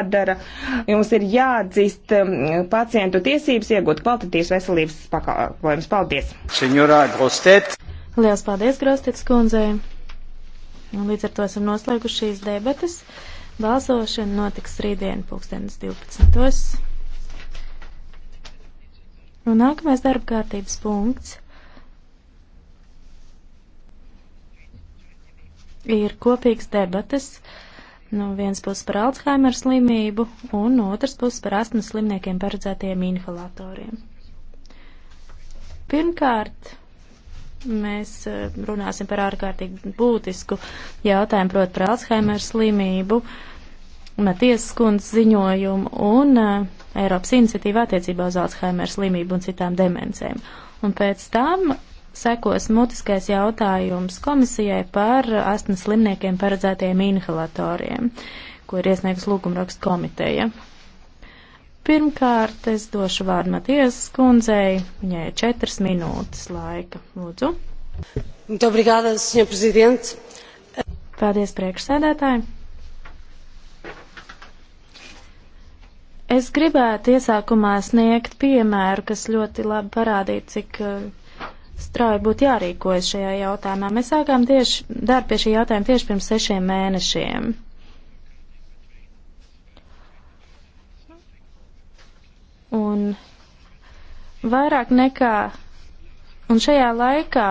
jādara. Jums ir jāatzīst um, pacientu tiesības iegūt kvalitatīvas veselības pakalpojumus. Paldies! Senjorā Grostet! Lielas paldies, Grostets kundzei! Līdz ar to esam noslēguši šīs debatas. Balsošana notiks rītdien, pulkstenes 12. Un nākamais darba kārtības punkts ir kopīgs debatas No vienas puses par Alzheimer slimību un no otras puses par astmas slimniekiem paredzētajiem inhalatoriem. Pirmkārt, mēs eh, runāsim par ārkārtīgi būtisku jautājumu, proti par Alzheimer slimību, Matiesas kundzes ziņojumu un uh, Eiropas iniciatīvu attiecībā uz Alzheimer slimību un citām demencēm. Un pēc tam sekos mutiskais jautājums komisijai par astmas slimniekiem paredzētajiem inhalatoriem, ko ir iesniegus lūgumrakstu komiteja. Pirmkārt, es došu vārdu Matiesas kundzei, viņai ir četras minūtes laika. Lūdzu. Obrigada, senjor prezidents. Paldies, priekšsēdētāji. Es gribētu iesākumā sniegt piemēru, kas ļoti labi parādīja, cik uh, strauji būtu jārīkojas šajā jautājumā. Mēs sākām tieši darbu pie šī jautājuma tieši pirms sešiem mēnešiem. Un vairāk nekā, un šajā laikā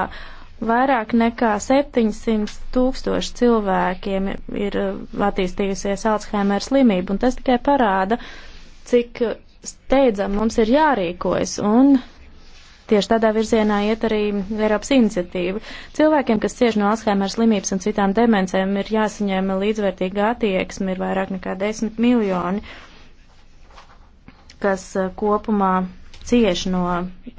vairāk nekā 700 tūkstoši cilvēkiem ir uh, attīstījusies Alzheimer slimība, un tas tikai parāda, cik steidzam mums ir jārīkojas. Un Tieši tādā virzienā iet arī Eiropas iniciatīva. Cilvēkiem, kas cieši no Alzheimer slimības un citām demencēm, ir jāsaņem līdzvērtīga attieksme, ir vairāk nekā 10 miljoni, kas eh, kopumā cieši no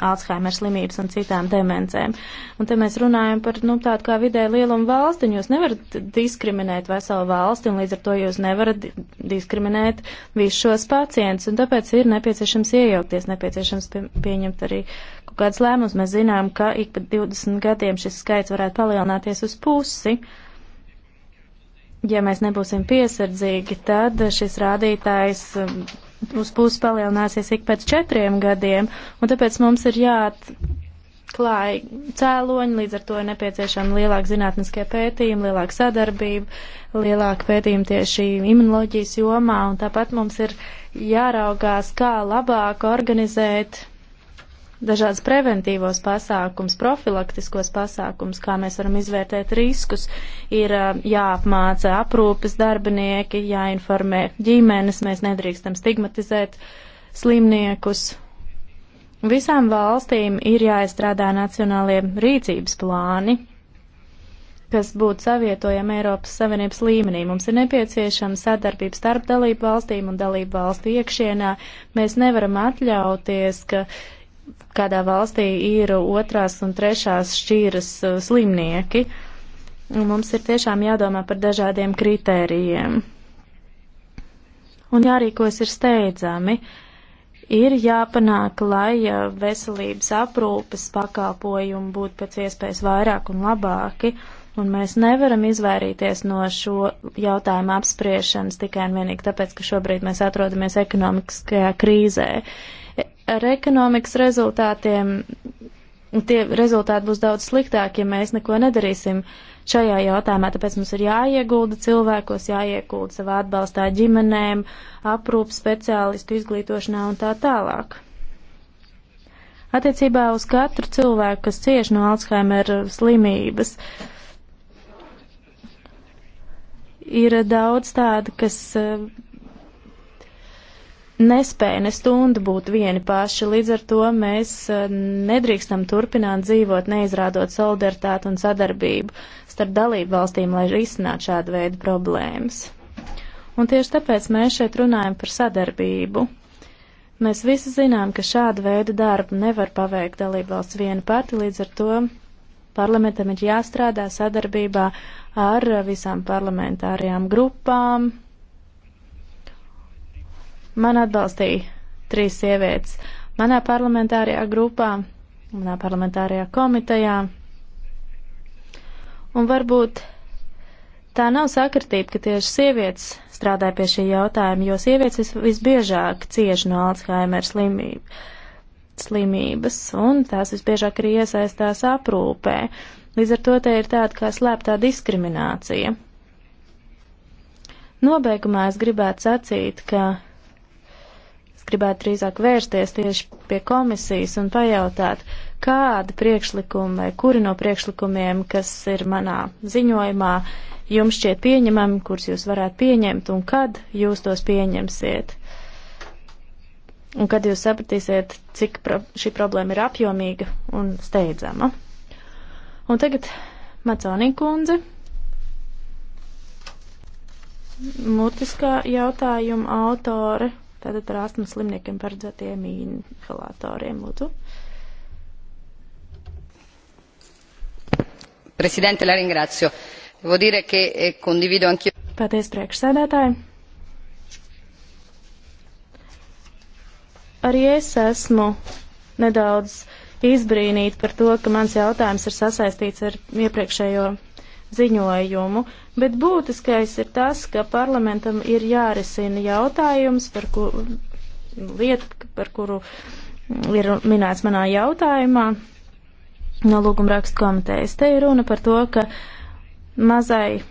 Alzheimer slimības un citām demencēm. Un te mēs runājam par, nu, tādu kā vidē lielumu valsti, un jūs nevarat diskriminēt veselu valsti, un līdz ar to jūs nevarat diskriminēt visus šos pacientus, un tāpēc ir nepieciešams iejaukties, nepieciešams pie, pieņemt arī vairāku gadus lēmumus. Mēs zinām, ka ik pa 20 gadiem šis skaits varētu palielināties uz pusi. Ja mēs nebūsim piesardzīgi, tad šis rādītājs um, uz pusi palielināsies ik pēc četriem gadiem, un tāpēc mums ir jāatklāj cēloņi, līdz ar to ir nepieciešama lielāka zinātniskie pētījumi, lielāka sadarbība, lielāka pētījuma tieši imunoloģijas jomā, un tāpat mums ir jāraugās, kā labāk organizēt dažādas preventīvos pasākums, profilaktiskos pasākums, kā mēs varam izvērtēt riskus, ir jāapmāca aprūpes darbinieki, jāinformē ģimenes, mēs nedrīkstam stigmatizēt slimniekus. Visām valstīm ir jāizstrādā nacionālie rīcības plāni, kas būtu savietojami Eiropas Savienības līmenī. Mums ir nepieciešama sadarbība starp dalību valstīm un dalību valstu iekšienā. Mēs nevaram atļauties, ka kādā valstī ir otrās un trešās šķīras uh, slimnieki. Un mums ir tiešām jādomā par dažādiem kritērijiem. Un jārīkos ir steidzami. Ir jāpanāk, lai uh, veselības aprūpes pakalpojumi būtu pēc iespējas vairāk un labāki, un mēs nevaram izvairīties no šo jautājumu apspriešanas tikai un vienīgi tāpēc, ka šobrīd mēs atrodamies ekonomiskajā krīzē. Uh, ar ekonomikas rezultātiem tie rezultāti būs daudz sliktāki, ja mēs neko nedarīsim šajā jautājumā. Tāpēc mums ir jāiegulda cilvēkos, jāiegulda savā atbalstā ģimenēm, aprūpas speciālistu izglītošanā un tā tālāk. Attiecībā uz katru cilvēku, kas cieši no Alzheimer slimības, ir daudz tādu, kas nespēja ne stundu būt vieni paši, līdz ar to mēs eh, nedrīkstam turpināt dzīvot, neizrādot solidaritāti un sadarbību starp dalību valstīm, lai risinātu šādu veidu problēmas. Un tieši tāpēc mēs šeit runājam par sadarbību. Mēs visi zinām, ka šāda veida darbu nevar paveikt dalību valsts viena pati, līdz ar to parlamentam ir jāstrādā sadarbībā ar visām parlamentārajām grupām, Man atbalstīja trīs sievietes manā parlamentārajā grupā, manā parlamentārajā komitejā. Un varbūt tā nav sakritība, ka tieši sievietes strādāja pie šī jautājuma, jo sievietes visbiežāk cieši no Alzheimer slimību, slimības, un tās visbiežāk arī iesaistās aprūpē. Līdz ar to te ir tāda kā slēptā diskriminācija. Nobeigumā es gribētu sacīt, ka gribētu drīzāk vērsties tieši pie komisijas un pajautāt, kādi priekšlikumi vai kuri no priekšlikumiem, kas ir manā ziņojumā, jums šķiet pieņemami, kurus jūs varētu pieņemt un kad jūs tos pieņemsiet. Un kad jūs sapratīsiet, cik pro šī problēma ir apjomīga un steidzama. Un tagad Maconī kundze. Mutiskā jautājuma autore Tātad par astmas slimniekiem paredzētiem inhalatoriem. Lūdzu. Presidente, la ringrazio. Devo dire che eh, condivido anch'io. Paldies, priekšsēdētāji. Arī es esmu nedaudz izbrīnīta par to, ka mans jautājums ir sasaistīts ar iepriekšējo ziņojumu. Bet būtiskais ir tas, ka parlamentam ir jārisina jautājums, par ko lieta, par kuru ir minēts manā jautājumā no lūguma rakstu komitejas. Te ir runa par to, ka mazai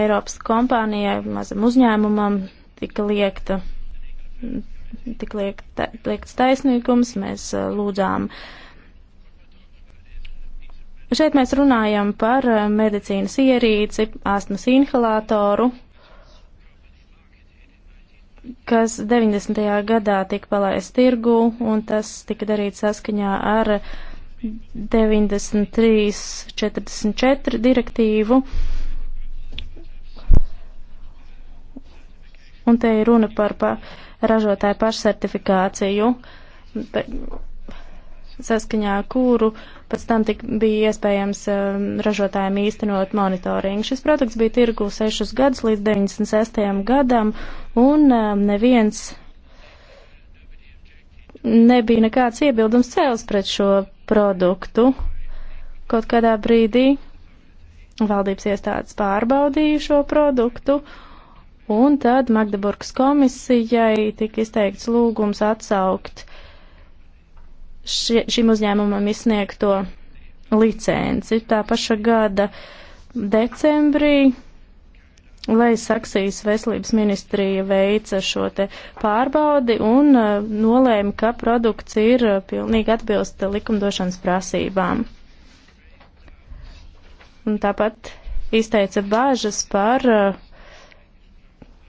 Eiropas kompānijai, mazam uzņēmumam tika liekta, tik liekta, liekts taisnīgums, mēs uh, lūdzām uh, Šeit mēs runājam par eh, medicīnas ierīci, astmas inhalatoru, kas 90. gadā tika palaists tirgu, un tas tika darīts saskaņā ar 93.44 direktīvu. Un te ir runa par pa, ražotāju pašsertifikāciju. Pe, saskaņā ar kuru pēc tam tik, bija iespējams um, ražotājiem īstenot monitoringu. Šis produkts bija tirgu 6 gadus līdz 96. gadam, un um, neviens nebija nekāds iebildums cēls pret šo produktu. Kaut kādā brīdī valdības iestādes pārbaudīja šo produktu, un tad Magdeburgas komisijai tika izteikts lūgums atsaukt ši, šim uzņēmumam izsniegto licenci. Tā paša gada decembrī Leisaksijas veselības ministrija veica šo te pārbaudi un uh, nolēma, ka produkts ir uh, pilnīgi atbilst likumdošanas prasībām. Un tāpat izteica bāžas par uh,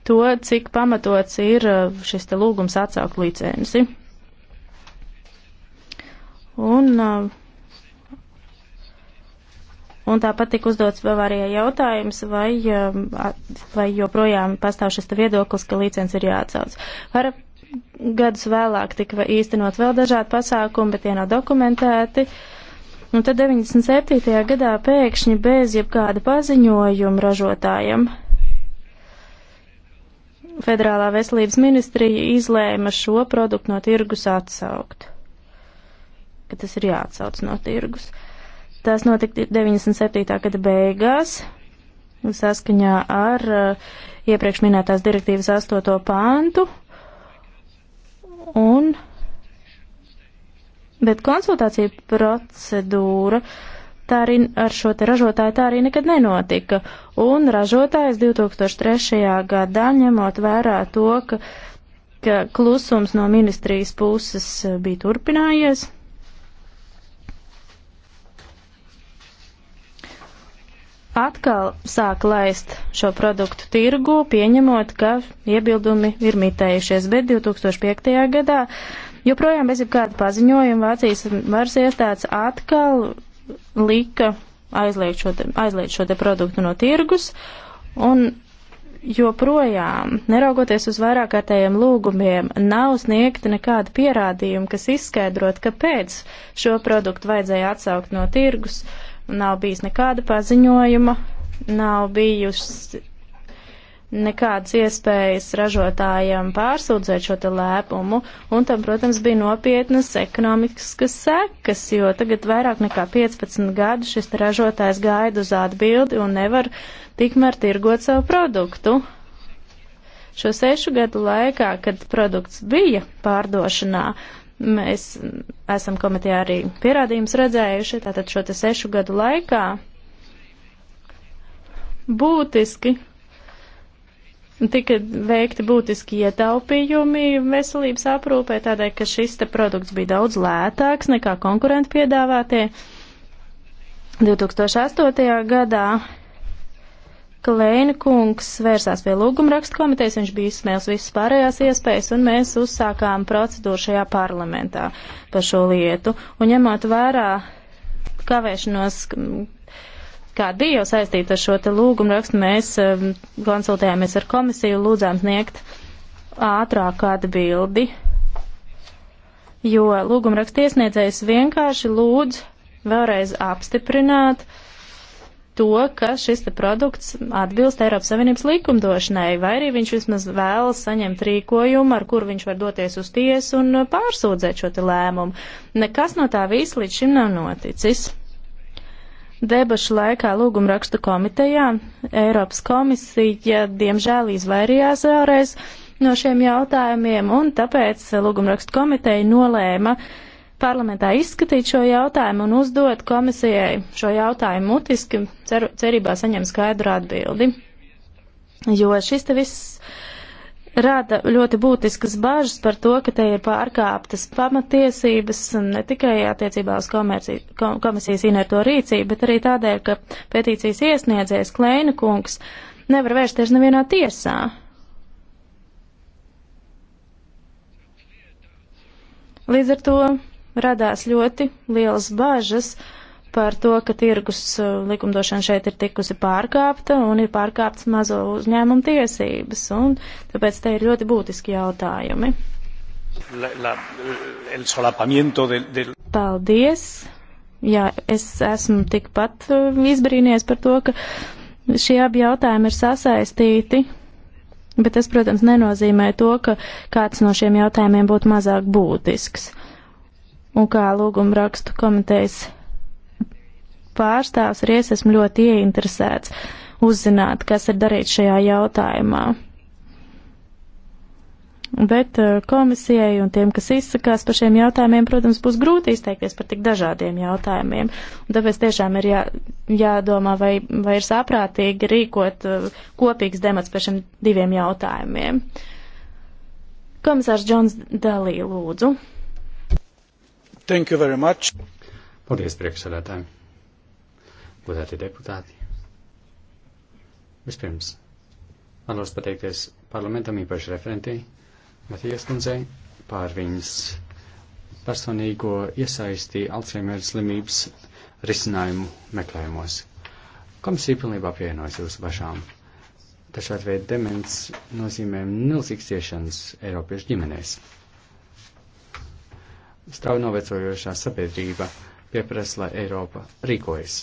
to, cik pamatots ir šis te lūgums atsaukt licenci. Un, uh, un tāpat tika uzdots vēl arī jautājums, vai, um, vai joprojām pastāv šis viedoklis, ka licence ir jāatsauc. Par gadus vēlāk tika īstenot vēl dažādi pasākumi, bet tie nav dokumentēti. Un tad 97. gadā pēkšņi bez jebkāda paziņojuma ražotājiem Federālā veselības ministrija izlēma šo produktu no tirgus atsaukt ka tas ir jāatsauc no tirgus. Tas notika 97. gada beigās, saskaņā ar uh, iepriekš minētās direktīvas 8. pāntu, un, bet konsultācija procedūra tā arī ar šo te ražotāju tā arī nekad nenotika, un ražotājs 2003. gadā ņemot vērā to, ka, ka klusums no ministrijas puses uh, bija turpinājies, atkal sāk laist šo produktu tirgu, pieņemot, ka iebildumi ir mitējušies, bet 2005. gadā joprojām bez jebkāda paziņojuma Vācijas varas iestādes atkal lika aizliegt šo, te, aizliegt šo te produktu no tirgus, un joprojām, neraugoties uz vairākārtējiem lūgumiem, nav sniegta nekāda pierādījuma, kas izskaidrot, kāpēc šo produktu vajadzēja atsaukt no tirgus. Uh, Nav bijis nekāda paziņojuma, nav bijusi nekādas iespējas ražotājiem pārsūdzēt šo te lēpumu, un tam, protams, bija nopietnas ekonomiskas sekas, jo tagad vairāk nekā 15 gadu šis ražotājs gaida uz atbildi un nevar tikmēr tirgot savu produktu. Šo sešu gadu laikā, kad produkts bija pārdošanā, Mēs esam komitejā arī pierādījums redzējuši, tātad šo te sešu gadu laikā būtiski tika veikti būtiski ietaupījumi veselības aprūpē, tādēļ, ka šis te produkts bija daudz lētāks nekā konkurenti piedāvātie. 2008. gadā Klēna kungs vērsās pie lūguma rakstu komitejas, viņš bija izsmēls visas pārējās iespējas, un mēs uzsākām procedūru šajā parlamentā par šo lietu. Un ņemot vērā kavēšanos, kāda bija jau saistīta ar šo te lūgumu rakstu, mēs um, konsultējāmies ar komisiju, lūdzām sniegt ātrāk kādu bildi, jo lūgumu rakstu iesniedzējs vienkārši lūdz vēlreiz apstiprināt uh, to, ka šis te produkts atbilst Eiropas Savienības likumdošanai, vai arī viņš vismaz vēlas saņemt rīkojumu, ar kur viņš var doties uz tiesu un pārsūdzēt šo te lēmumu. Nekas no tā visa līdz šim nav noticis. Debašu laikā lūguma rakstu komitejā Eiropas komisija diemžēl izvairījās vēlreiz no šiem jautājumiem, un tāpēc lūgumrakstu komiteja nolēma uh, parlamentā izskatīt šo jautājumu un uzdot komisijai šo jautājumu mutiski, ceru, cerībā saņemt skaidru atbildi. Jo šis te viss rada ļoti būtiskas bažas par to, ka te ir pārkāptas pamatiesības ne tikai attiecībā uz komerci, kom, komisijas inerto rīcību, bet arī tādēļ, ka petīcijas iesniedzējs Kleina kungs nevar vērsties nevienā tiesā. Līdz ar to radās ļoti lielas bažas par to, ka tirgus uh, likumdošana šeit ir tikusi pārkāpta un ir pārkāptas mazo uzņēmumu tiesības, un tāpēc te ir ļoti būtiski jautājumi. La, la, el solapamiento del, del... Paldies! Jā, es esmu tikpat uh, izbrīnījies par to, ka šie abi jautājumi ir sasaistīti, bet tas, protams, nenozīmē to, ka kāds no šiem jautājumiem būtu mazāk būtisks. Un kā lūguma rakstu komitejas pārstāvs arī es esmu ļoti ieinteresēts uzzināt, kas ir darīts šajā jautājumā. Bet eh, komisijai un tiem, kas izsakās par šiem jautājumiem, protams, būs grūti izteikties par tik dažādiem jautājumiem. Un tāpēc tiešām ir jā, jādomā, vai, vai ir saprātīgi rīkot eh, kopīgs demats par šiem diviem jautājumiem. Komisārs Džons Dalī, lūdzu. Thank you very much. Paldies, priekšsēdētāji. Godētie deputāti. Vispirms, vēlos pateikties parlamentam īpaši referentī Matijas kundzei par viņas personīgo iesaisti Alzheimer slimības risinājumu meklējumos. Komisija pilnībā pievienojas jūsu bažām dažādi veidi demens nozīmē milzīgas ciešanas Eiropiešu ģimenēs strauji novecojošā sabiedrība pieprasa, lai Eiropa rīkojas.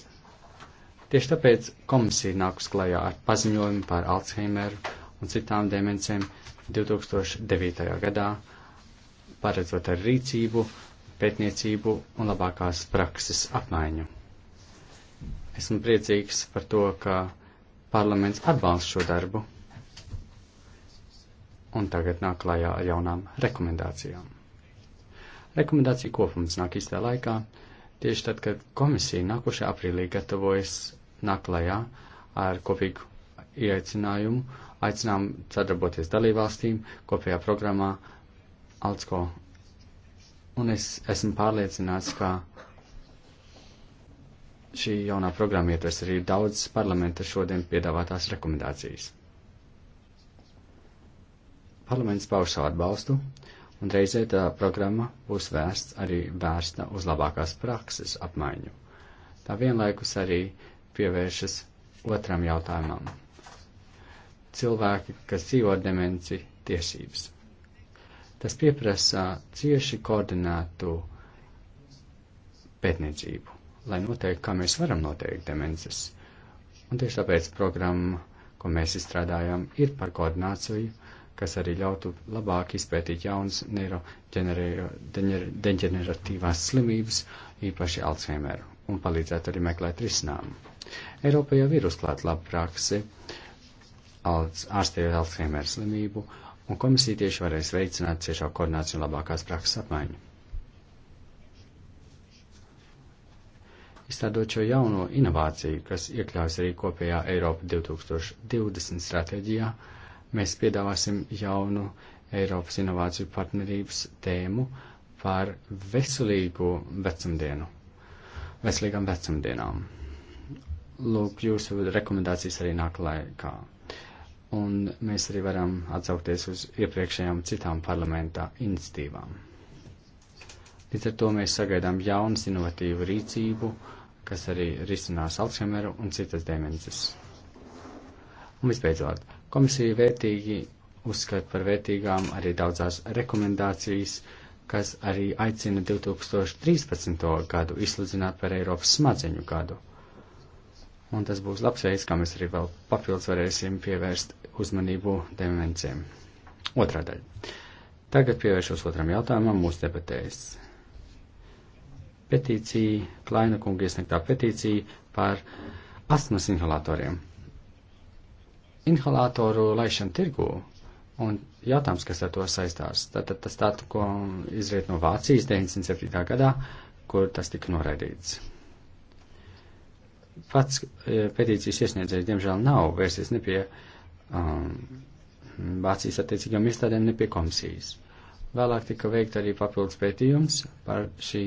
Tieši tāpēc komisija nākus klajā ar paziņojumu par Alzheimeru un citām demencēm 2009. gadā, paredzot ar rīcību, pētniecību un labākās prakses apmaiņu. Esmu priecīgs par to, ka parlaments atbalsta šo darbu un tagad nāk klajā ar jaunām rekomendācijām. Rekomendācija kopums nāk īstā laikā, tieši tad, kad komisija nākošajā aprīlī gatavojas naklajā ar kopīgu ieaicinājumu, aicinām sadarboties dalībvalstīm kopējā programmā Altsko. Un es esmu pārliecināts, ka šī jaunā programma ietvers arī daudz parlamenta šodien piedāvātās rekomendācijas. Parlaments pauž savu atbalstu un reizē tā programma būs vērsts arī vērsta uz labākās prakses apmaiņu. Tā vienlaikus arī pievēršas otram jautājumam - cilvēki, kas dzīvo demenci tiesības. Tas pieprasa cieši koordinētu pētniecību, lai noteikti, kā mēs varam noteikt demences. Un tieši tāpēc programma, ko mēs izstrādājam, ir par koordināciju kas arī ļautu labāk izpētīt jaunas neirodeģeneratīvās slimības, īpaši Alzheimeru, un palīdzētu arī meklēt risinājumu. Eiropa jau ir uzklāta laba praksi, ārstējot Alzheimeru slimību, un komisija tieši varēs veicināt ciešā koordināciju un labākās prakses apmaiņu. Izstādot šo jauno inovāciju, kas iekļaujas arī kopējā Eiropa 2020 stratēģijā, mēs piedāvāsim jaunu Eiropas inovāciju partnerības tēmu par veselīgu vecumdienu, veselīgām vecumdienām. Lūk, jūsu rekomendācijas arī nāk laikā. Un mēs arī varam atsaukties uz iepriekšējām citām parlamentā iniciatīvām. Līdz ar to mēs sagaidām jaunas inovatīvu rīcību, kas arī risinās Alzheimeru un citas demences. Un visbeidzot, Komisija vērtīgi uzskata par vērtīgām arī daudzās rekomendācijas, kas arī aicina 2013. gadu izsludināt par Eiropas smadzeņu gadu. Un tas būs labs veids, kā mēs arī vēl papildus varēsim pievērst uzmanību demencēm. Otrā daļa. Tagad pievēršos otram jautājumam mūsu debatēs. Petīcija, Klaina kunga iesniegtā petīcija par astmas inhalatoriem inhalatoru laišanu tirgū un jautājums, kas ar to saistās. Tātad tas tātad, ko izriet no Vācijas 97. gadā, kur tas tika noraidīts. Pats e, pētīcijas iesniedzējs, diemžēl, nav vērsies ne pie um, Vācijas attiecīgām iestādēm, ne pie komisijas. Vēlāk tika veikt arī papildus pētījums par šī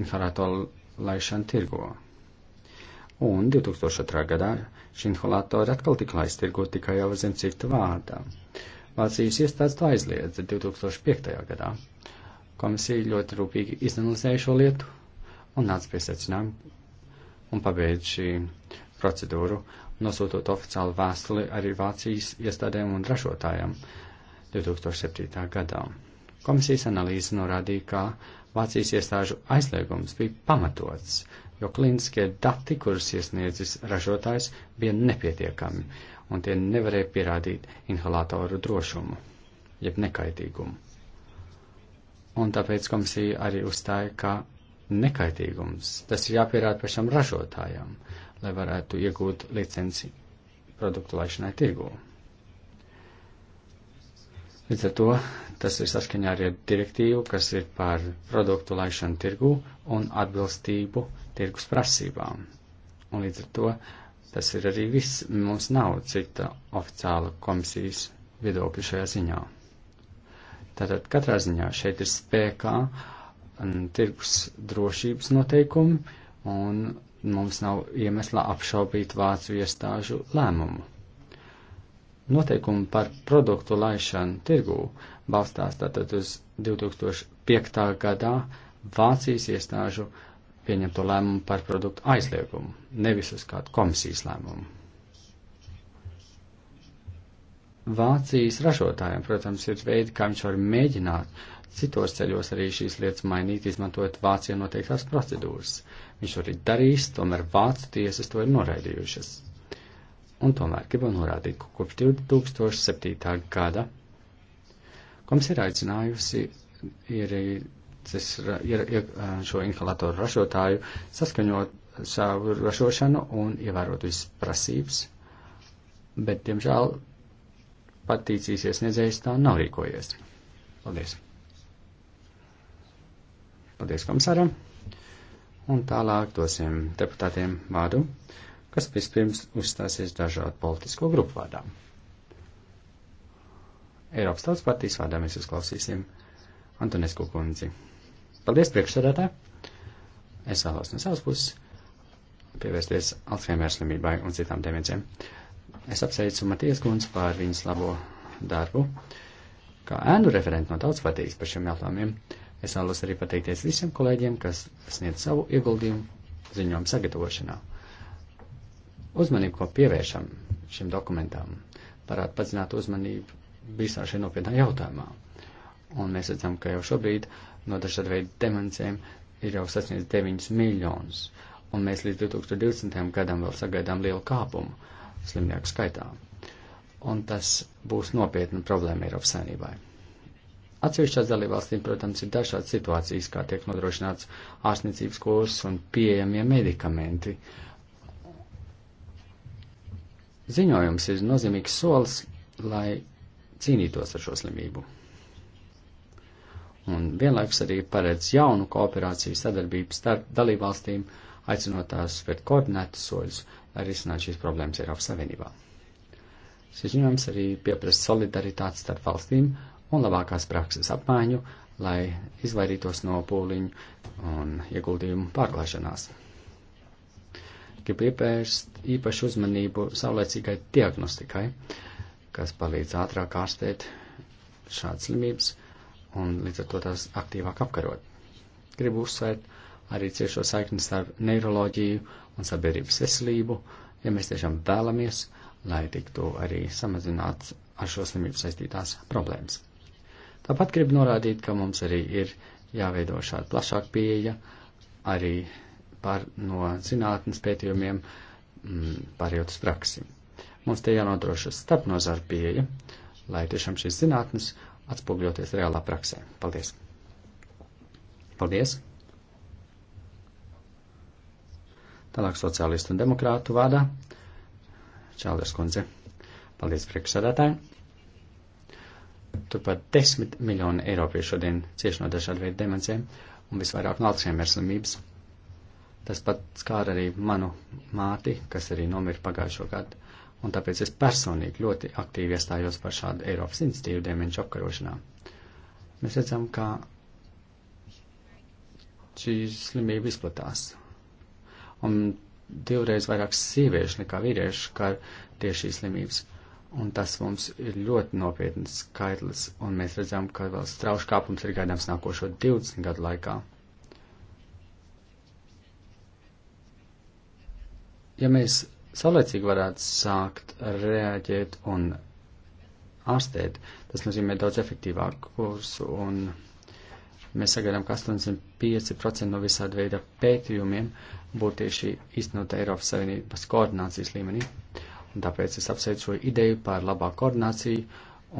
inhalatoru laišanu tirgo. Un 2002. gadā Šī inhalatora atkal tika laista tirgo tikai jau zem citu vārdā. Vācijas iestādes to aizliedza 2005. gadā. Komisija ļoti rūpīgi izanalizēja šo lietu un nāca pie secinājuma un pabeidz šī procedūru, nosūtot oficiālu vēstuli arī Vācijas iestādēm un ražotājiem 2007. gadā. Komisijas analīze norādīja, ka Vācijas iestāžu aizliegums bija pamatots, jo klīniskie dati, kurus iesniedzis ražotājs, bija nepietiekami, un tie nevarēja pierādīt inhalatoru drošumu, jeb nekaitīgumu. Un tāpēc komisija arī uzstāja, ka nekaitīgums tas ir jāpierāda pašam ražotājam, lai varētu iegūt licenci produktu laišanai tirgū. Līdz ar to tas ir saskaņā arī ar direktīvu, kas ir par produktu laišanu tirgū un atbilstību uh, tirgus prasībām. Un līdz ar to tas ir arī viss. Mums nav cita oficiāla komisijas viedokļa šajā ziņā. Tātad katrā ziņā šeit ir spēkā tirgus drošības noteikumi, un mums nav iemesla apšaubīt vācu iestāžu lēmumu. Noteikumi par produktu laišanu tirgū balstās tātad uz 2005. gadā Vācijas iestāžu lēmumu pieņemto lēmumu par produktu aizliegumu, nevis uz kādu komisijas lēmumu. Vācijas ražotājiem, protams, ir veidi, kā viņš var mēģināt citos ceļos arī šīs lietas mainīt, izmantojot Vācijā noteiktās procedūras. Viņš to ir darījis, tomēr Vācu tiesas to ir noraidījušas. Un tomēr gribu norādīt, ka kopš 2007. gada komisija ir aicinājusi ir šo inhalatoru ražotāju saskaņot savu ražošanu un ievērot visas prasības, bet, diemžēl, patīcīs iesniedzējs tā nav rīkojies. Paldies! Paldies komisāram! Un tālāk dosim deputātiem vārdu, kas vispirms uzstāsies dažādu politisko grupu vārdām. Eiropas Tautas partijas vārdā mēs uzklausīsim Antonesku kundzi. Paldies, priekšsēdētāji! Es vēlos no savas puses pievērsties Alzheimer slimībai un citām demencēm. Es apsveicu Matijas kundzi par viņas labo darbu. Kā ēnu referenti no tautas partijas par šiem jautājumiem, es vēlos arī pateikties visiem kolēģiem, kas sniedz savu ieguldījumu ziņojumu sagatavošanā. Uzmanību, ko pievēršam šim dokumentam, parāda padzināt uzmanību visā šajā nopietnā jautājumā. Un mēs redzam, ka jau šobrīd uh, no dažāda veida demencēm ir jau sasniedz 9 miljonus, un mēs līdz 2020. gadam vēl sagaidām lielu kāpumu slimnieku skaitā. Un tas būs nopietna problēma Eiropas saimnībai. Atsevišķās dalībvalstīm, protams, ir dažādas situācijas, kā tiek nodrošināts ārstniecības kurs un pieejamie medikamenti. Ziņojums ir nozīmīgs solis, lai cīnītos ar šo slimību un vienlaikus arī paredz jaunu kooperāciju sadarbību starp dalībvalstīm, aicinot tās spērt koordinētus soļus, lai risinātu šīs problēmas Eiropas Savienībā. Šis ziņojums arī pieprasa solidaritāti starp valstīm un labākās prakses apmaiņu, lai izvairītos no pūliņu un ieguldījumu pārklāšanās. Gribu iepērst īpašu uzmanību saulēcīgai diagnostikai, kas palīdz ātrāk ārstēt šādas slimības un līdz ar to tās aktīvāk apkarot. Gribu uzsvērt arī ciešo saikni starp neiroloģiju un sabiedrības veselību, ja mēs tiešām vēlamies, lai tiktu arī samazināts ar šo slimību saistītās problēmas. Tāpat gribu norādīt, ka mums arī ir jāveido šāda plašāka pieeja arī par no zinātnes pētījumiem mm, pārējot uz praksi. Mums te jānodrošas starpnozāra pieeja, lai tiešām šīs zinātnes atspogļoties reālā praksē. Paldies! Paldies! Tālāk sociālistu un demokrātu vārdā Čālders kundze. Paldies priekšsādātājiem! Turpat desmit miljoni eiropiešu šodien cieši no dažādu veidu demencēm un visvairāk no Alzheimer slimības. Tas pat skāra arī manu māti, kas arī nomira pagājušo gadu un tāpēc es personīgi ļoti aktīvi iestājos par šādu Eiropas institīvu demenču apkarošanā. Mēs redzam, ka šī slimība izplatās. Un divreiz vairāk sieviešu nekā vīriešu, kā tieši šīs slimības. Un tas mums ir ļoti nopietns skaitlis, un mēs redzam, ka vēl strauši kāpums ir gaidāms nākošo 20 gadu laikā. Ja mēs saulēcīgi varētu sākt reaģēt un ārstēt. Tas nozīmē daudz efektīvāku kursu un mēs sagaidām, ka 85% no visāda veida pētījumiem būtu tieši īstenot Eiropas Savienības koordinācijas līmenī. Un tāpēc es apsveicu šo ideju par labāku koordināciju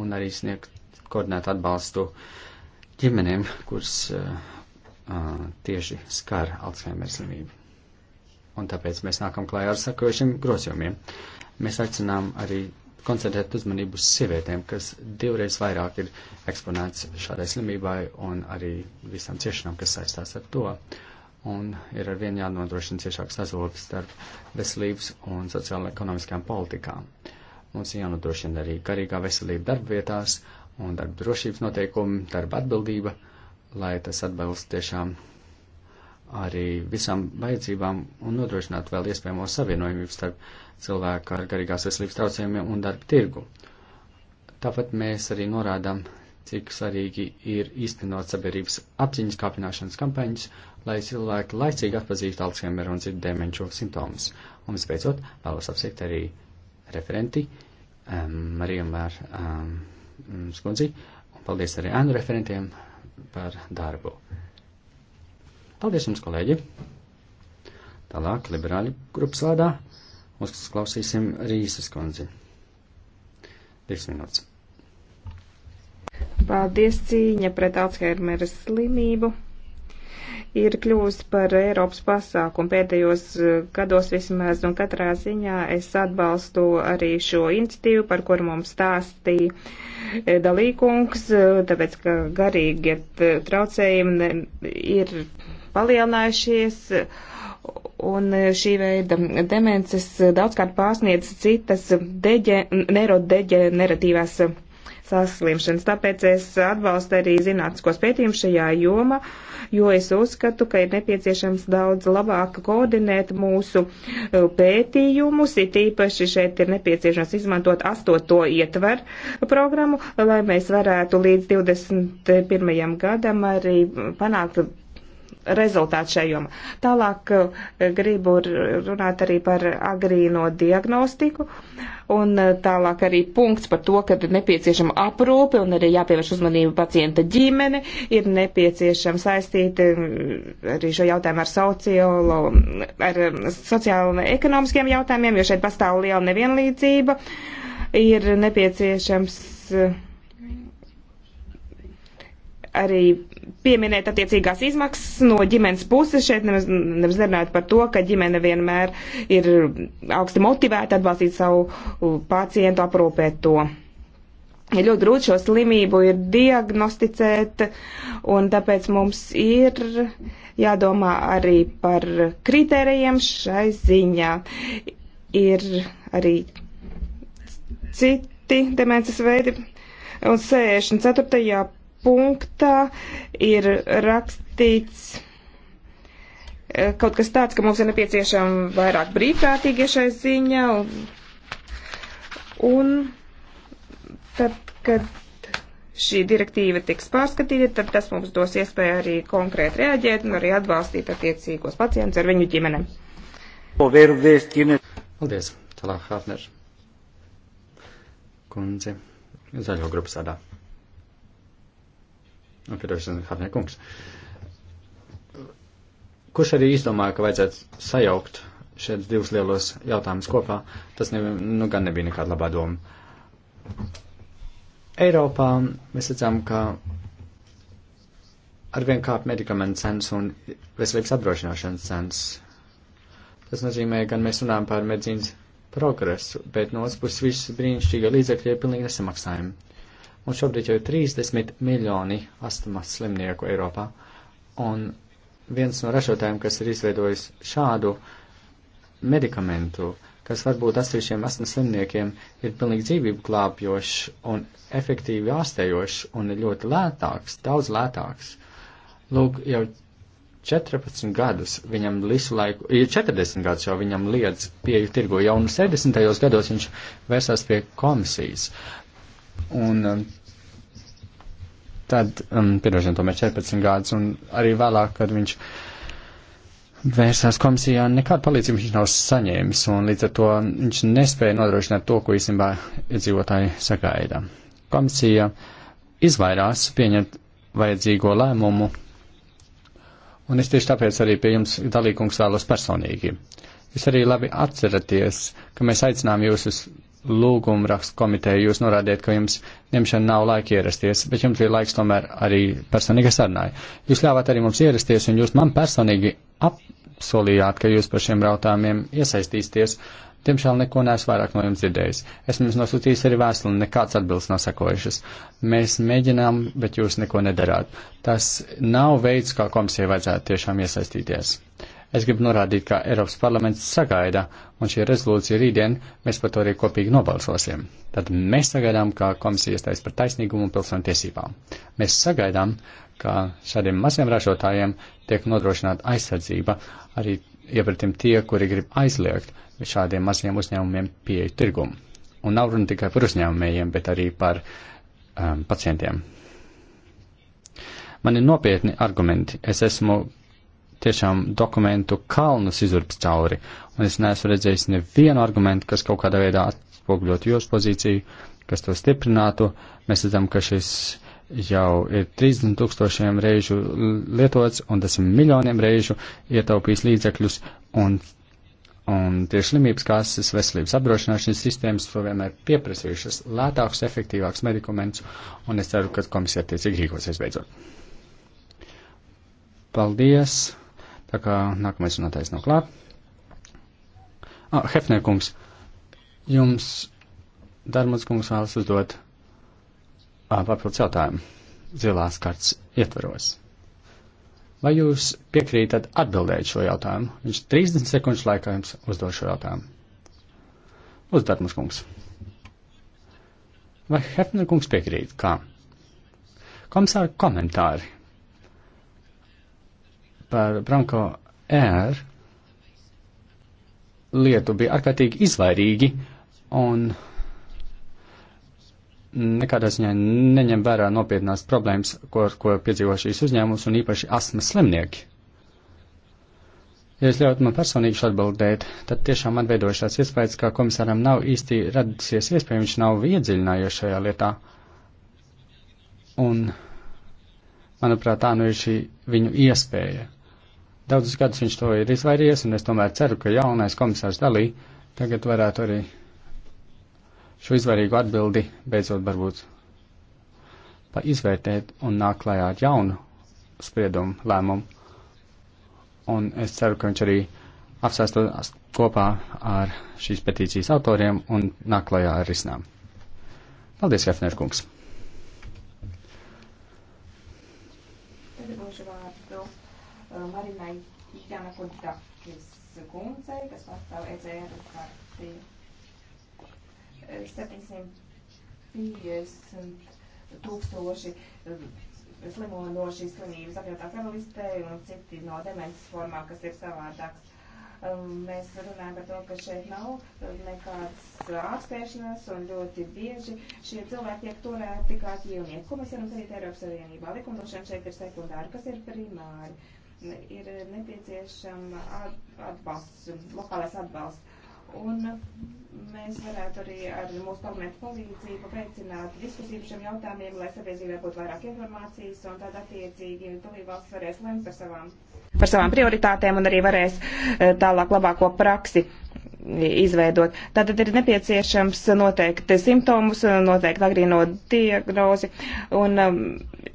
un arī sniegt koordinētu atbalstu ģimenēm, kuras uh, tieši skar Alzheimer slimību un tāpēc mēs nākam klājā ar sakojušiem grozījumiem. Mēs aicinām arī koncentrēt uzmanību uz sievietēm, kas divreiz vairāk ir eksponēts šādai slimībai un arī visām ciešanām, kas saistās ar to. Un ir ar vienu jānodrošina ciešāks sazobis starp veselības un sociāla-ekonomiskām politikām. Mums ir jānodrošina arī garīgā veselība darbvietās un darba drošības noteikumi, darba atbildība, lai tas atbilst tiešām arī visām vajadzībām un nodrošināt vēl iespējamo savienojumību starp cilvēku ar garīgās veselības traucējumiem un darba tirgu. Tāpat mēs arī norādām, cik svarīgi ir īstenot sabiedrības apziņas kāpināšanas kampaņas, lai cilvēki laicīgi atpazītu Alzheimer un citu demenču simptomus. Un visbeidzot, vēlos apsveikt arī referenti um, Mariju Mēr um, Skundzi, un paldies arī ēnu referentiem par darbu. Paldies jums, kolēģi! Tālāk, liberāļu grupas vārdā, uzklausīsim Rīsas kundzi. Divas minūtes. Paldies cīņa pret Alzheimeras slimību. Ir kļuvusi par Eiropas pasākumu pēdējos eh, gados vismaz, un katrā ziņā es atbalstu arī šo institīvu, par kuru mums stāstīja eh, dalīkungs, eh, tāpēc, ka garīgi traucējumi ir palielinājušies, un šī veida demences daudzkārt pārsniedz citas deģe, neirodeģeneratīvās saslimšanas. Tāpēc es atbalstu arī zinātniskos pētījumus šajā jomā, jo es uzskatu, ka ir nepieciešams daudz labāk koordinēt mūsu e, pētījumus, it īpaši šeit ir nepieciešams izmantot astoto ietveru programmu, lai mēs varētu līdz 21. gadam arī panākt rezultātu šajom. Tālāk eh, gribu runāt arī par agrīno diagnostiku un eh, tālāk arī punkts par to, ka ir nepieciešama aprūpe un arī jāpievērš uzmanība pacienta ģimene, ir nepieciešams saistīt eh, arī šo jautājumu ar, sociolo, ar sociālo un ekonomiskiem jautājumiem, jo šeit pastāv liela nevienlīdzība. Ir nepieciešams uh, arī pieminēt attiecīgās izmaksas no ģimenes puses. Šeit nemaz, nemaz nerunājot par to, ka ģimene vienmēr ir augsti motivēta atbalstīt savu pacientu, aprūpēt to. Ir ļoti grūti šo slimību ir diagnosticēt, un tāpēc mums ir jādomā arī par kritērijiem šai ziņā. Ir arī citi demences veidi, un 64 punktā ir rakstīts eh, kaut kas tāds, ka mums ir nepieciešama vairāk brīvprātīgie šai ziņā. Un, un tad, kad šī direktīva tiks pārskatīta, tad tas mums dos iespēju arī konkrēti reaģēt un arī atbalstīt attiecīgos pacientus ar viņu ģimenēm. Paldies, Talā Hafner. Kundze, zaļo grupas sadā. Atverošana Harnekungs. Kurš arī izdomāja, ka vajadzētu sajaukt šeit divus lielos jautājumus kopā, tas ne, nu gan nebija nekāda labā doma. Eiropā mēs redzam, ka arvien kāp medikamentu cenas un veselības apdrošināšanas cenas. Tas nozīmē, ka mēs runājam par medicīnas progresu, bet no otras puses visas brīnišķīgā līdzekļa ir pilnīgi nesamaksājumi. Mums šobrīd jau ir 30 miljoni astmas slimnieku Eiropā. Un viens no ražotājiem, kas ir izveidojis šādu medikamentu, kas varbūt atsevišķiem astmas slimniekiem ir pilnīgi dzīvību klāpjošs un efektīvi ārstējošs un ir ļoti lētāks, daudz lētāks. Lūk, jau 14 gadus viņam visu laiku, ir 40 gadus jau viņam liedz pieju tirgu, jau un nu 70. gados viņš vērsās pie komisijas. Un um, tad, um, piedošana tomēr 14 gadus, un arī vēlāk, kad viņš vērsās komisijā, nekādu palīdzību viņš nav saņēmis, un līdz ar to viņš nespēja nodrošināt to, ko īstenībā iedzīvotāji sagaida. Komisija izvairās pieņemt vajadzīgo lēmumu, un es tieši tāpēc arī pie jums dalīkums vēlos personīgi. Jūs arī labi atceraties, ka mēs aicinām jūs uz lūgumu rakstu komiteju jūs norādījāt, ka jums, diemžēl, nav laika ierasties, bet jums bija laiks tomēr arī personīga sarunai. Jūs ļāvāt arī mums ierasties, un jūs man personīgi apsolījāt, ka jūs par šiem jautājumiem iesaistīsieties. Diemžēl neko neesmu vairāk no jums dzirdējis. Esmu jums nosūtījis arī vēstuli, nekāds atbildes nav sekojušas. Mēs mēģinām, bet jūs neko nedarāt. Tas nav veids, kā komisija vajadzētu tiešām iesaistīties. Es gribu norādīt, ka Eiropas parlaments sagaida, un šī rezolūcija rītdien mēs par to arī kopīgi nobalsosim. Tad mēs sagaidām, ka komisija iestājas par taisnīgumu un pilsonu tiesībām. Mēs sagaidām, ka šādiem maziem ražotājiem tiek nodrošināta aizsardzība arī iepratim tie, kuri grib aizliegt šādiem maziem uzņēmumiem pieeju tirgumu. Un nav runa tikai par uzņēmumiem, bet arī par um, pacientiem. Man ir nopietni argumenti. Es esmu tiešām dokumentu kalnus izurps cauri, un es neesmu redzējis nevienu argumentu, kas kaut kādā veidā atspogļotu jūsu pozīciju, kas to stiprinātu. Mēs redzam, ka šis jau ir 30 tūkstošiem reižu lietots, un tas miljoniem reižu ietaupījis līdzekļus, un, un tieši slimības kāsas veselības apdrošināšanas sistēmas to vienmēr pieprasījušas lētāks, efektīvāks medikaments, un es ceru, ka komisija tiecīgi rīkosies beidzot. Paldies! Tā kā nākamais runātais nav klāt. Ah, Hefner kungs, jums Darmats kungs vēlas uzdot ah, papildus jautājumu zilās kartas ietveros. Vai jūs piekrītat atbildēt šo jautājumu? Viņš 30 sekundžu laikā jums uzdod šo jautājumu. Uzdod mums kungs. Vai Hefner kungs piekrīt? Kā? Komisāra komentāri par Branko Air lietu bija ārkārtīgi izvairīgi un nekādā ziņā neņem vērā nopietnās problēmas, ko, ko piedzīvo šīs uzņēmums un īpaši asmas slimnieki. Ja es ļautu man personīgi atbildēt, tad tiešām atveidojušās iespējas, ka komisāram nav īsti radusies iespēja, viņš nav iedziļinājies šajā lietā. Un, manuprāt, tā nu ir šī viņu iespēja Daudzus gadus viņš to ir izvairījies, un es tomēr ceru, ka jaunais komisārs Dalī tagad varētu arī šo izvairīgu atbildi beidzot varbūt pa izvērtēt un nāk klājā ar jaunu spriedumu lēmumu. Un es ceru, ka viņš arī apsēstos kopā ar šīs petīcijas autoriem un nāk klājā ar risinām. Paldies, Jefner kungs! Marinai Igana Kodakis kundzei, kas pārstāv ECR partiju. 750 tūkstoši slimo no šīs slimības apvienotā karalistē un citi no demences formām, kas ir savādāks. Mēs runājam par to, ka šeit nav nekādas ārstēšanas un ļoti bieži šie cilvēki tiek turēti kā ķīlnieki. Ko mēs varam darīt Eiropas Savienībā? Likumdošana šeit ir sekundāra, kas ir primāri ir nepieciešama atbalsts, lokālais atbalsts. Un mēs varētu arī ar mūsu parlamentu palīdzību veicināt diskusiju par šiem jautājumiem, lai sabiedrībai būtu vairāk informācijas un tad attiecīgi dalībvalsts varēs lemt par savām, par savām prioritātēm un arī varēs eh, tālāk labāko praksi izveidot. Tātad ir nepieciešams noteikti simptomus, noteikti agrīno diagnozi un um,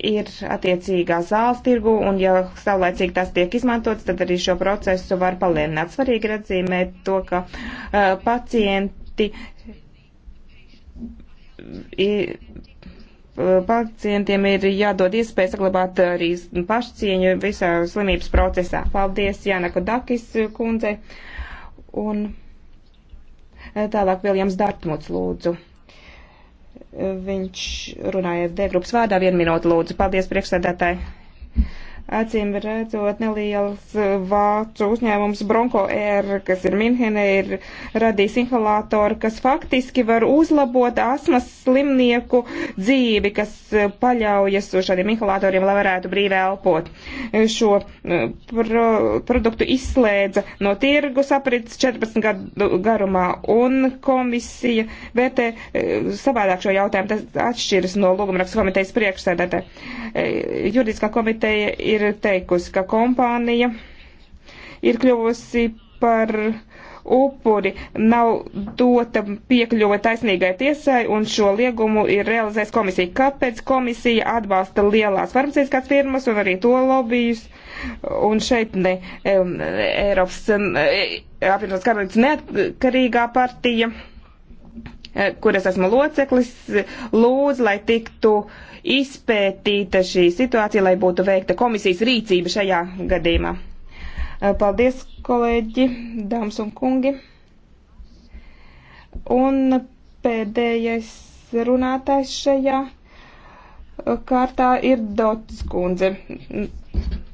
ir attiecīgā zāles tirgu un ja saulēcīgi tās tiek izmantotas, tad arī šo procesu var palēnināt. Svarīgi redzīmēt to, ka uh, pacienti. I, pacientiem ir jādod iespēja saglabāt arī pašcieņu visā slimības procesā. Paldies Jāna Kodakis kundzei. Un Tālāk Viljams Dārtmots lūdzu. Viņš runāja D grupas vārdā. Vienu minūtu lūdzu. Paldies priekšsēdētāji. Acīm redzot, neliels eh, vācu uzņēmums Bronco Air, kas ir Minhenē, ir radījis inhalātoru, kas faktiski var uzlabot asmas slimnieku dzīvi, kas eh, paļaujas uz šādiem inhalātoriem, lai varētu brīvi elpot. Eh, šo pro produktu izslēdza no tirgus aprits 14 gadu garumā, un komisija vērtē savādāk šo jautājumu. Tas atšķiras no lūgumrakstu komitejas priekšsēdētē. Juridiskā komiteja ir ir teikusi, ka kompānija ir kļuvusi par upuri, nav dota piekļuva taisnīgai tiesai un šo liegumu ir realizējis komisija. Kāpēc komisija atbalsta lielās farmacijas firmas un arī to lobbyus? Un šeit ne um, Eiropas um, apvienotās karalītes neatkarīgā partija Eh, kur es esmu loceklis, lūdz, lai tiktu izpētīta šī situācija, lai būtu veikta komisijas rīcība šajā gadījumā. Eh, paldies, kolēģi, dāmas un kungi. Un pēdējais runātājs šajā eh, kārtā ir Dots kundze.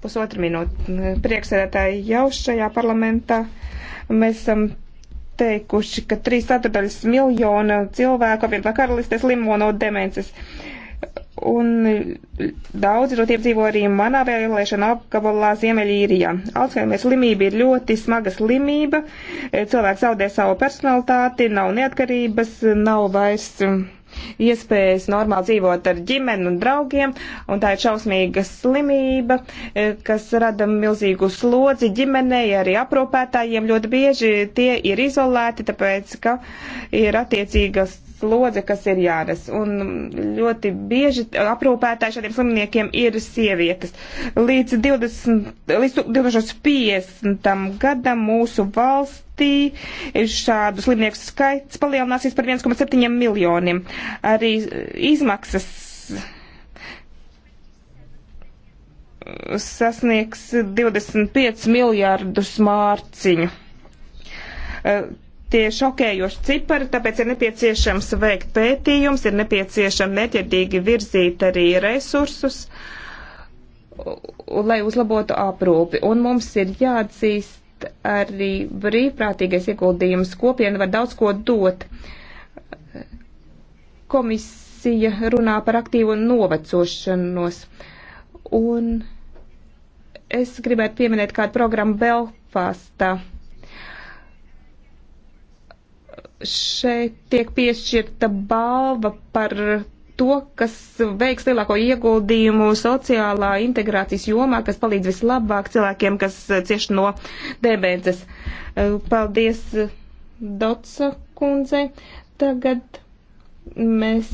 Pusotru minūti. Prieksēdētāji jau šajā parlamentā. Mēs esam teikuši, ka 3 ceturdaļas miljona cilvēku apvienotā karalistē slimo no demences. Un daudzi no tiem dzīvo arī manā vēlēšana apgabalā Ziemeļīrijā. Alzheimer slimība ir ļoti smaga slimība, cilvēks zaudē savu personalitāti, nav neatkarības, nav vairs iespējas normāli dzīvot ar ģimeni un draugiem, un tā ir šausmīga slimība, e, kas rada milzīgu slodzi ģimenei, arī aprūpētājiem. Ļoti bieži tie ir izolēti, tāpēc, ka ir attiecīgas slodze, kas ir jānes. Un ļoti bieži aprūpētāji šādiem slimniekiem ir sievietes. Līdz, 20, līdz 2050. gadam mūsu valsts valstī šādu slimnieku skaits palielināsies par 1,7 miljoniem. Arī izmaksas sasniegs 25 miljārdus mārciņu tie šokējoši cipari, tāpēc ir nepieciešams veikt pētījums, ir nepieciešams neķerdīgi virzīt arī resursus, lai uzlabotu aprūpi. Un mums ir jāatzīst arī brīvprātīgais ieguldījums. Kopiena var daudz ko dot. Komisija runā par aktīvu novecošanos. Un es gribētu pieminēt kādu programmu Belfastā šeit tiek piešķirta balva par to, kas veiks lielāko ieguldījumu sociālā integrācijas jomā, kas palīdz vislabāk cilvēkiem, kas cieši no debences. Paldies, Dotsa kundze. Tagad mēs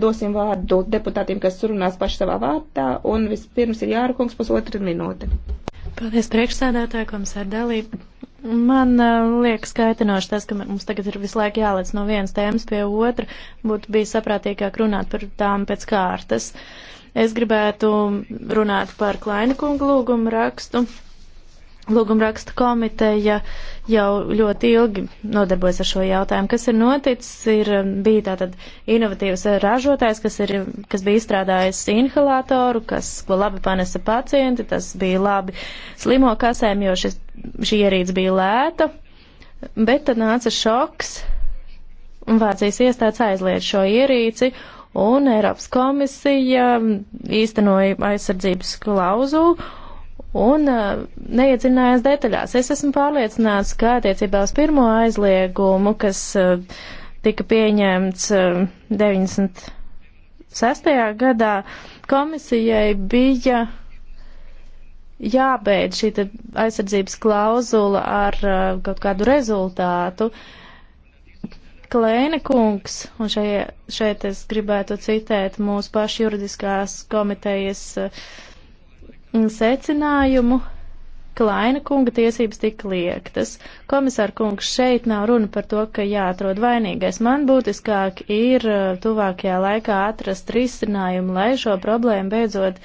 dosim vārdu deputātiem, kas runās paši savā vārdā, un vispirms ir jārkungs pusotra minūte. Paldies, priekšsēdētāji, komisāri Dalī. Man uh, liekas kaitinoši tas, ka mums tagad ir visu laiku jālec no vienas tēmas pie otra, būtu bijis saprātīgāk runāt par tām pēc kārtas. Es gribētu runāt par Klaina kungu lūgumu rakstu. Lūgumraksta komiteja jau ļoti ilgi nodarbojas ar šo jautājumu. Kas ir noticis? Ir, um, bija tātad inovatīvs uh, ražotājs, kas, ir, kas bija izstrādājis inhalatoru, kas, ko labi panesa pacienti, tas bija labi slimo kasēm, jo šis, šī ierīce bija lēta, bet tad nāca šoks, un Vācijas iestāds aizliedz šo ierīci, un Eiropas komisija um, īstenoja aizsardzības klauzulu, un uh, neiedzinājās detaļās. Es esmu pārliecināts, ka attiecībā uz pirmo aizliegumu, kas uh, tika pieņemts 96. Uh, gadā, komisijai bija jābeidz šī aizsardzības klauzula ar kaut kādu rezultātu. Klēna kungs, un šeit, šeit es gribētu citēt mūsu pašu juridiskās komitejas uh, secinājumu Klaina kunga tiesības tika liektas. Komisāra kungs šeit nav runa par to, ka jāatrod vainīgais. Man būtiskāk ir uh, tuvākajā laikā atrast risinājumu, lai šo problēmu beidzot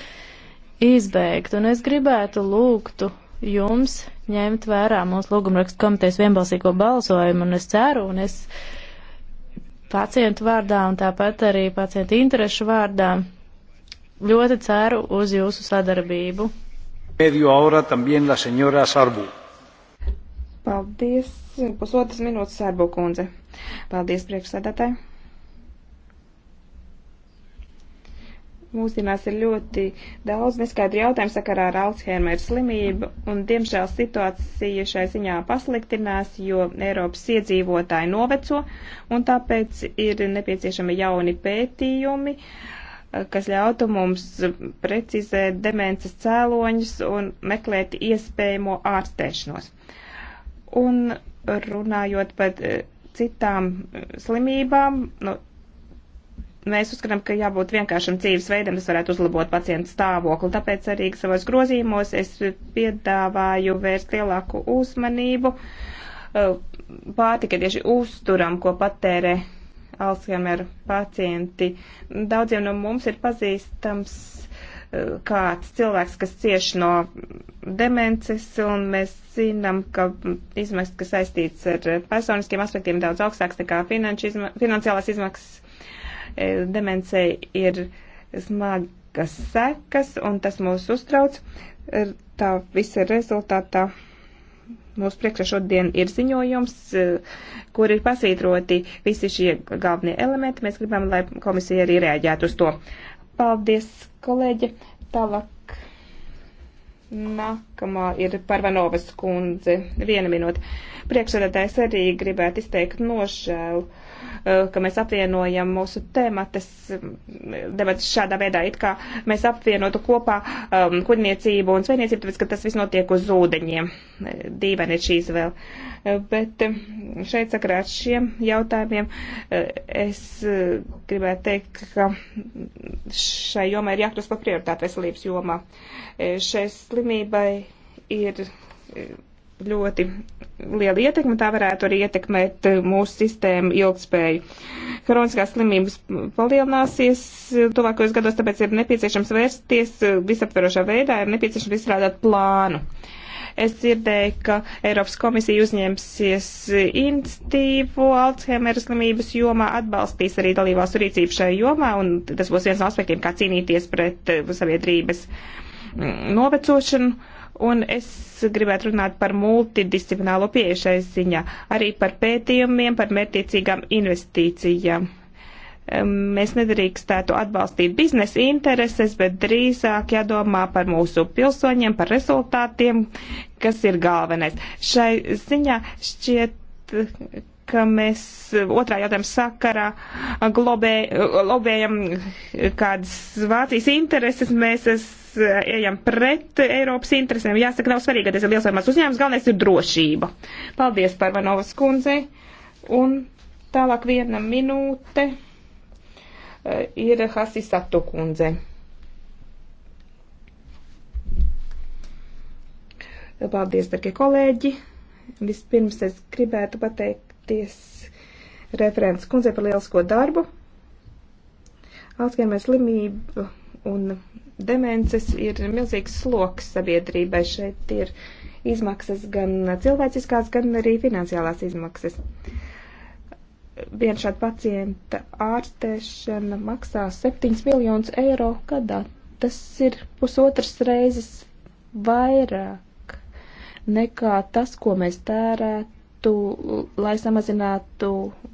izbeigt. Un es gribētu lūgtu jums ņemt vērā mūsu lūgumrakstu komitejas vienbalsīgo balsojumu, un es ceru, un es pacientu vārdā, un tāpat arī pacientu interešu vārdā ļoti ceru uz jūsu sadarbību. Paldies, pusotras minūtes Sārbu kundze. Paldies priekšsēdētāji. Mūsdienās ir ļoti daudz neskaidru jautājumu sakarā ar Alzheimer slimību, un diemžēl situācija šai ziņā pasliktinās, jo Eiropas iedzīvotāji noveco, un tāpēc ir nepieciešami jauni pētījumi. Uh, kas ļautu mums precizēt demences cēloņus un meklēt iespējamo ārstēšanos. Un runājot par eh, citām eh, slimībām, nu, mēs uzskatām, ka jābūt vienkāršam dzīvesveidam, kas varētu uzlabot pacientu stāvokli. Tāpēc arī savos grozījumos es piedāvāju vērst lielāku uzmanību eh, pārtika tieši uzturam, ko patērē Alzheimer pacienti. Daudziem no mums ir pazīstams eh, kāds cilvēks, kas cieš no demences, un mēs zinām, ka izmaksas, kas saistīts ar personiskiem aspektiem, daudz augstāks nekā izma finansiālās izmaksas. Eh, demencei ir smagas sekas, un tas mūs uztrauc. Eh, tā visa rezultātā Mūsu priekšā šodien ir ziņojums, e, kur ir pasvītroti visi šie galvenie elementi. Mēs gribam, lai komisija arī reaģētu uz to. Paldies, kolēģi. Tālāk nākamā ir Parvanovas kundze. Viena minūte. Priekšsēdētājs arī gribētu izteikt nošēlu Eh, ka mēs apvienojam mūsu tematas, mm, debatas šādā veidā, it kā mēs apvienotu kopā um, kuģniecību un zvejniecību, tāpēc, ka tas viss notiek uz ūdeņiem. Eh, dīvaini šī izvēle. Eh, bet šeit sakarā ar šiem jautājumiem es gribētu teikt, ka šai jomai ir jākļūst par prioritātu veselības jomā. Šai slimībai ir ļoti liela ietekme, tā varētu arī ietekmēt eh, mūsu sistēmu ilgspēju. Hroniskās slimības palielināsies eh, tuvākajos gados, tāpēc ir nepieciešams vērsties eh, visaptverošā veidā, ir nepieciešams izstrādāt plānu. Es dzirdēju, ka Eiropas komisija uzņemsies institīvu Alzheimer slimības jomā, atbalstīs arī dalībās rīcību šajā jomā, un tas būs viens no aspektiem, kā cīnīties pret sabiedrības mm, novecošanu. Uh, Un es gribētu runāt par multidisciplinālo pieeju šai ziņā, arī par pētījumiem, par mērķiecīgām investīcijām. Mēs nedrīkstētu atbalstīt biznesa intereses, bet drīzāk jādomā par mūsu pilsoņiem, par rezultātiem, kas ir galvenais. Šai ziņā šķiet, ka mēs otrā jautājuma sakarā globē, globējam kādas Vācijas intereses. Mēs Eh, ejam pret Eiropas interesēm. Jāsaka, nav svarīgi, ka tas ir liels vai mazs uzņēmums, galvenais ir drošība. Paldies par Vanovas kundzei. Un tālāk viena minūte eh, ir Hasisatu kundzei. Paldies, darbie kolēģi! Vispirms es gribētu pateikties referents kundzei par lielisko darbu. Alzheimer slimība un demences ir milzīgs sloks sabiedrībai. Šeit ir izmaksas gan cilvēciskās, gan arī finansiālās izmaksas. Viena šāda pacienta ārstēšana maksā 7 miljonus eiro gadā. Tas ir pusotras reizes vairāk nekā tas, ko mēs tērētu, lai samazinātu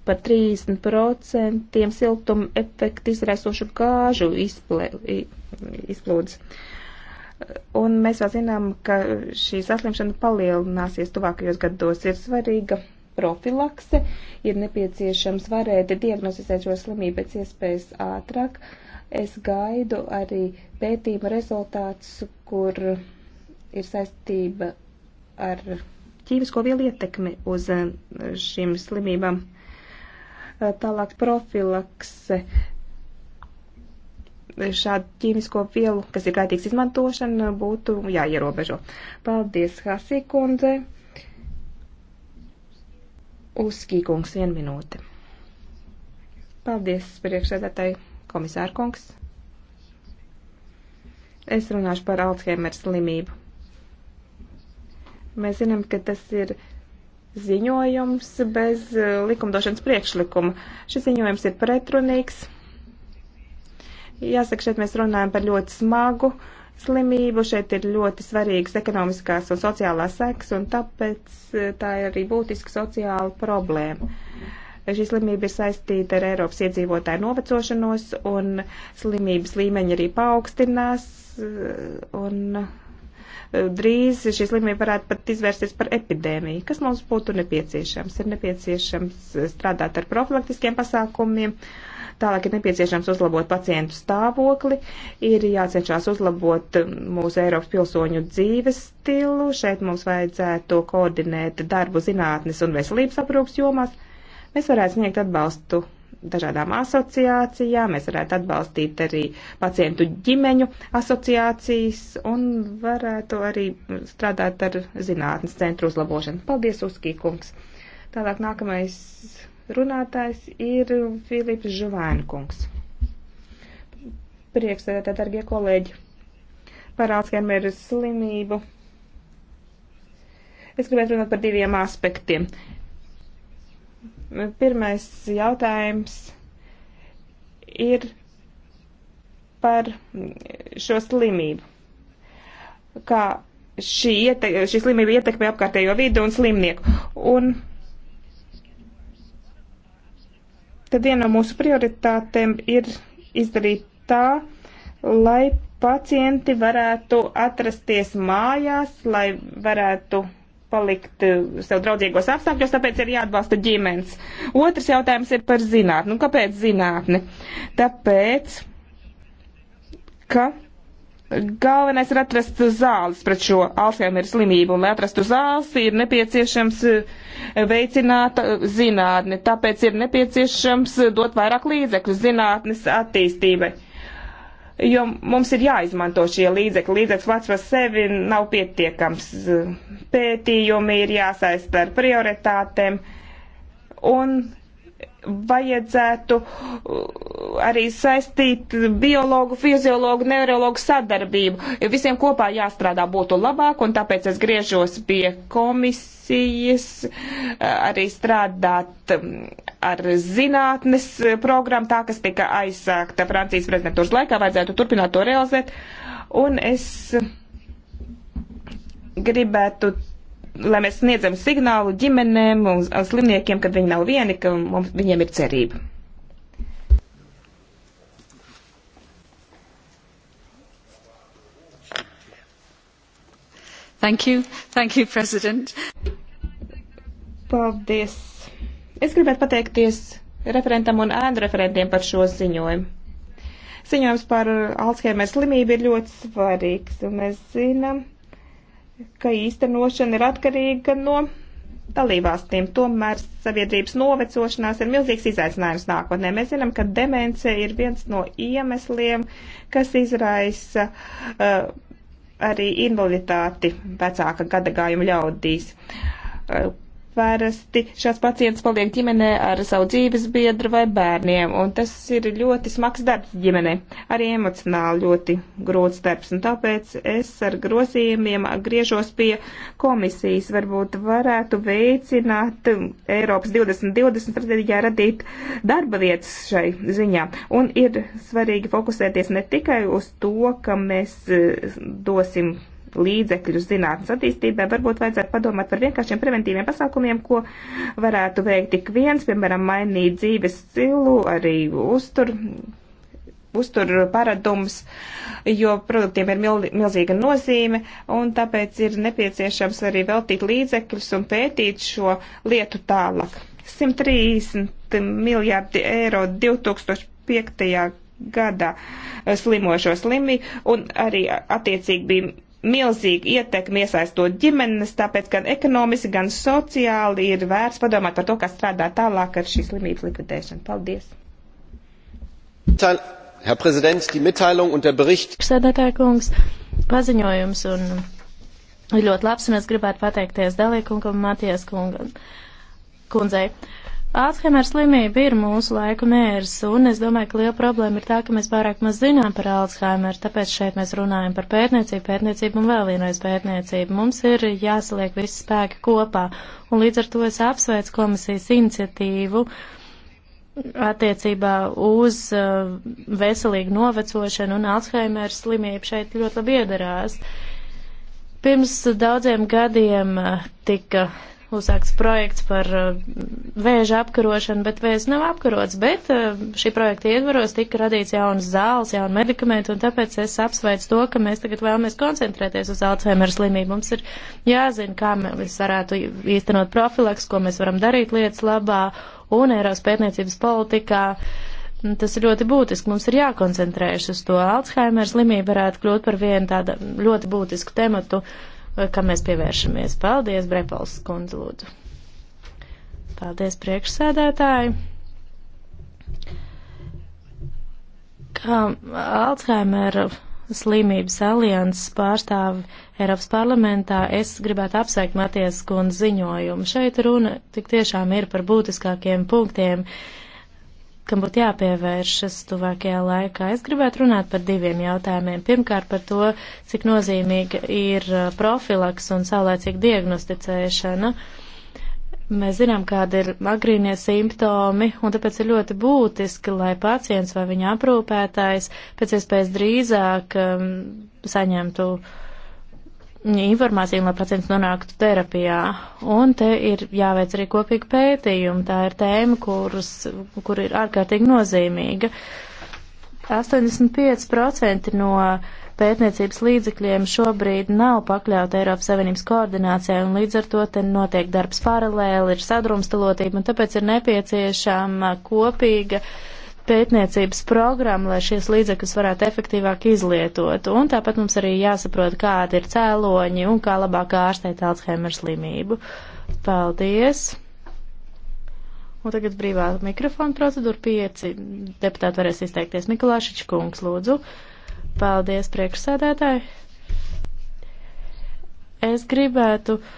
par 30% siltuma efektu izraisošu gāžu izplēli izplūdes. Un mēs vēl zinām, ka šī saslimšana palielināsies tuvākajos gados. Ir svarīga profilakse, ir nepieciešams varēt diagnosticēt šo slimību pēc iespējas ātrāk. Es gaidu arī pētījuma rezultātus, kur ir saistība ar ķīmisko vielu ietekmi uz šīm slimībām. Tālāk profilakse šādu ķīmisko vielu, kas ir kaitīgs izmantošana, būtu jāierobežo. Paldies, Hasī kundze. Uzskīkungs, vien minūte. Paldies, priekšsēdētāji, komisārkungs. Es runāšu par Alzheimer slimību. Mēs zinām, ka tas ir ziņojums bez eh, likumdošanas priekšlikuma. Šis ziņojums ir pretrunīgs Jāsaka, šeit mēs runājam par ļoti smagu slimību, šeit ir ļoti svarīgas ekonomiskās un sociālās sekas, un tāpēc e, tā ir arī būtiska sociāla problēma. Šī slimība ir saistīta ar Eiropas iedzīvotāju novecošanos, un slimības līmeņi arī paaugstinās, e, un e, drīz šī slimība varētu pat izvērsties par epidēmiju. Kas mums būtu nepieciešams? Ir nepieciešams strādāt ar profilaktiskiem pasākumiem. Uh, Tālāk ir nepieciešams uzlabot pacientu stāvokli, ir jācenšas uzlabot um, mūsu Eiropas pilsoņu dzīves stilu. Šeit mums vajadzētu koordinēt darbu zinātnes un veselības aprūpas jomās. Mēs varētu sniegt atbalstu dažādām asociācijām, mēs varētu atbalstīt arī pacientu ģimeņu asociācijas un varētu arī strādāt ar zinātnes centru uzlabošanu. Paldies, Uzkīkungs! Tālāk nākamais runātājs ir Filips Žuvēnkungs. Priekšsēdētā, darbie kolēģi, par Alzheimer slimību. Es gribētu runāt par diviem aspektiem. Pirmais jautājums ir par šo slimību. Kā šī, iete, šī slimība ietekmē apkārtējo vidu un slimnieku. Un tad viena no mūsu prioritātēm ir izdarīt tā, lai pacienti varētu atrasties mājās, lai varētu palikt eh, sev draudzīgos apstākļos, tāpēc ir jāatbalsta ģimenes. Otrs jautājums ir par zinātni. Nu, kāpēc zinātni? Tāpēc, ka Galvenais ir atrast zāles pret šo Alzheimer slimību, un lai atrastu zāles, ir nepieciešams eh, veicināt eh, zinātni, tāpēc ir nepieciešams eh, dot vairāk līdzekļu zinātnes attīstībai. Jo mums ir jāizmanto šie līdzekļi. Līdzekļs pats par sevi nav pietiekams. Pētījumi ir jāsaista ar prioritātēm. Un vajadzētu uh, arī saistīt biologu, fiziologu, neirologu sadarbību. Visiem kopā jāstrādā būtu labāk, un tāpēc es griežos pie komisijas uh, arī strādāt um, ar zinātnes programmu, tā, kas tika aizsākta Francijas prezidentūras laikā, vajadzētu turpināt to realizēt. Un es gribētu lai mēs sniedzam signālu ģimenēm un slimniekiem, kad viņi nav vieni, ka mums, viņiem ir cerība. Thank you. Thank you, President. Paldies. Es gribētu pateikties referentam un ēnu referentiem par šo ziņojumu. Ziņojums par Alzheimer slimību ir ļoti svarīgs, un mēs zinām, ka īstenošana ir atkarīga no dalībvalstīm. Tomēr sabiedrības novecošanās ir milzīgs izaicinājums nākotnē. Mēs zinām, ka demence ir viens no iemesliem, kas izraisa uh, arī invaliditāti vecāka gadagājuma ļaudīs. Uh, Vērsti šāds pacients paliek ģimenē ar savu dzīves biedru vai bērniem, un tas ir ļoti smags darbs ģimenē, arī emocionāli ļoti grūts darbs, un tāpēc es ar grozījumiem griežos pie komisijas, varbūt varētu veicināt Eiropas 2020 strateģijā radīt darba vietas šai ziņā, un ir svarīgi fokusēties ne tikai uz to, ka mēs eh, dosim līdzekļus zinātnes attīstībai, varbūt vajadzētu padomāt par vienkāršiem preventīviem pasākumiem, ko varētu veikt tik viens, piemēram, mainīt dzīves stilu, arī uztur uztur paradums, jo produktiem ir mil, milzīga nozīme, un tāpēc ir nepieciešams arī veltīt līdzekļus un pētīt šo lietu tālāk. 130 miljārdi eiro 2005. gadā slimošo slimī, un arī attiecīgi bija milzīgu ietekmi iesaistot ģimenes, tāpēc gan ekonomiski, gan sociāli ir vērts padomāt par to, kā strādāt tālāk ar šīs slimības likvidēšanu. Paldies! Herr Präsident, die Mitteilung und der Bericht. Sēdētājkungs, paziņojums un ļoti labs, un es gribētu pateikties Dalīkungam, Matijas kungam, kundzei. Alzheimer slimība ir mūsu laika mērs, un es domāju, ka liela problēma ir tā, ka mēs pārāk maz zinām par Alzheimer, tāpēc šeit mēs runājam par pētniecību, pētniecību un vēl vienreiz pētniecību. Mums ir jāsaliek visi spēki kopā, un līdz ar to es apsveicu komisijas iniciatīvu attiecībā uz uh, veselīgu novecošanu un Alzheimer slimību šeit ļoti labi iedarās. Pirms daudziem gadiem uh, tika uzsākts projekts par uh, vēža apkarošanu, bet vēzis nav apkarots, bet uh, šī projekta ietvaros tika radīts jaunas zāles, jauni medikamenti, un tāpēc es apsveicu to, ka mēs tagad vēlamies koncentrēties uz Alzheimer slimību. Mums ir jāzina, kā mēs varētu īstenot profilaks, ko mēs varam darīt lietas labā, un Eiropas pētniecības politikā. Tas ir ļoti būtiski. Mums ir jākoncentrējas uz to. Alzheimer slimība varētu kļūt par vienu tādu ļoti būtisku tematu uh, kam mēs pievēršamies. Paldies, Brepals kundze, lūdzu. Paldies, priekšsēdētāji. Kā Alzheimera slimības alianses pārstāvi Eiropas parlamentā, es gribētu apsveikt Matijas kundzi ziņojumu. Šeit runa tik tiešām ir par būtiskākiem punktiem. Uh, kam būtu jāpievēršas tuvākajā laikā. Es gribētu runāt par diviem jautājumiem. Pirmkārt, par to, cik nozīmīga ir uh, profilaks un saulēcīga diagnosticēšana. Mēs zinām, kāda ir agrīnie simptomi, un tāpēc ir ļoti būtiski, lai pacients vai viņa aprūpētājs pēc iespējas drīzāk um, saņemtu uh, informāciju, lai pacients nonāktu terapijā. Un te ir jāveic arī kopīgi pētījumi. Tā ir tēma, kuras, kur ir ārkārtīgi nozīmīga. 85% no pētniecības līdzekļiem šobrīd nav pakļauti Eiropas Savienības koordinācijai, un līdz ar to te notiek darbs paralēli, ir sadrumstalotība, un tāpēc ir nepieciešama kopīga uh, pētniecības programmu, lai šies līdzekļus varētu efektīvāk izlietot. Un tāpat mums arī jāsaprot, kādi ir cēloņi un kā labāk ārstēt Alzheimer slimību. Paldies! Un tagad brīvā mikrofona procedūra pieci. Deputāti varēs izteikties. Mikulāšiņš kungs, lūdzu. Paldies, priekšsēdētāji. Es gribētu uh,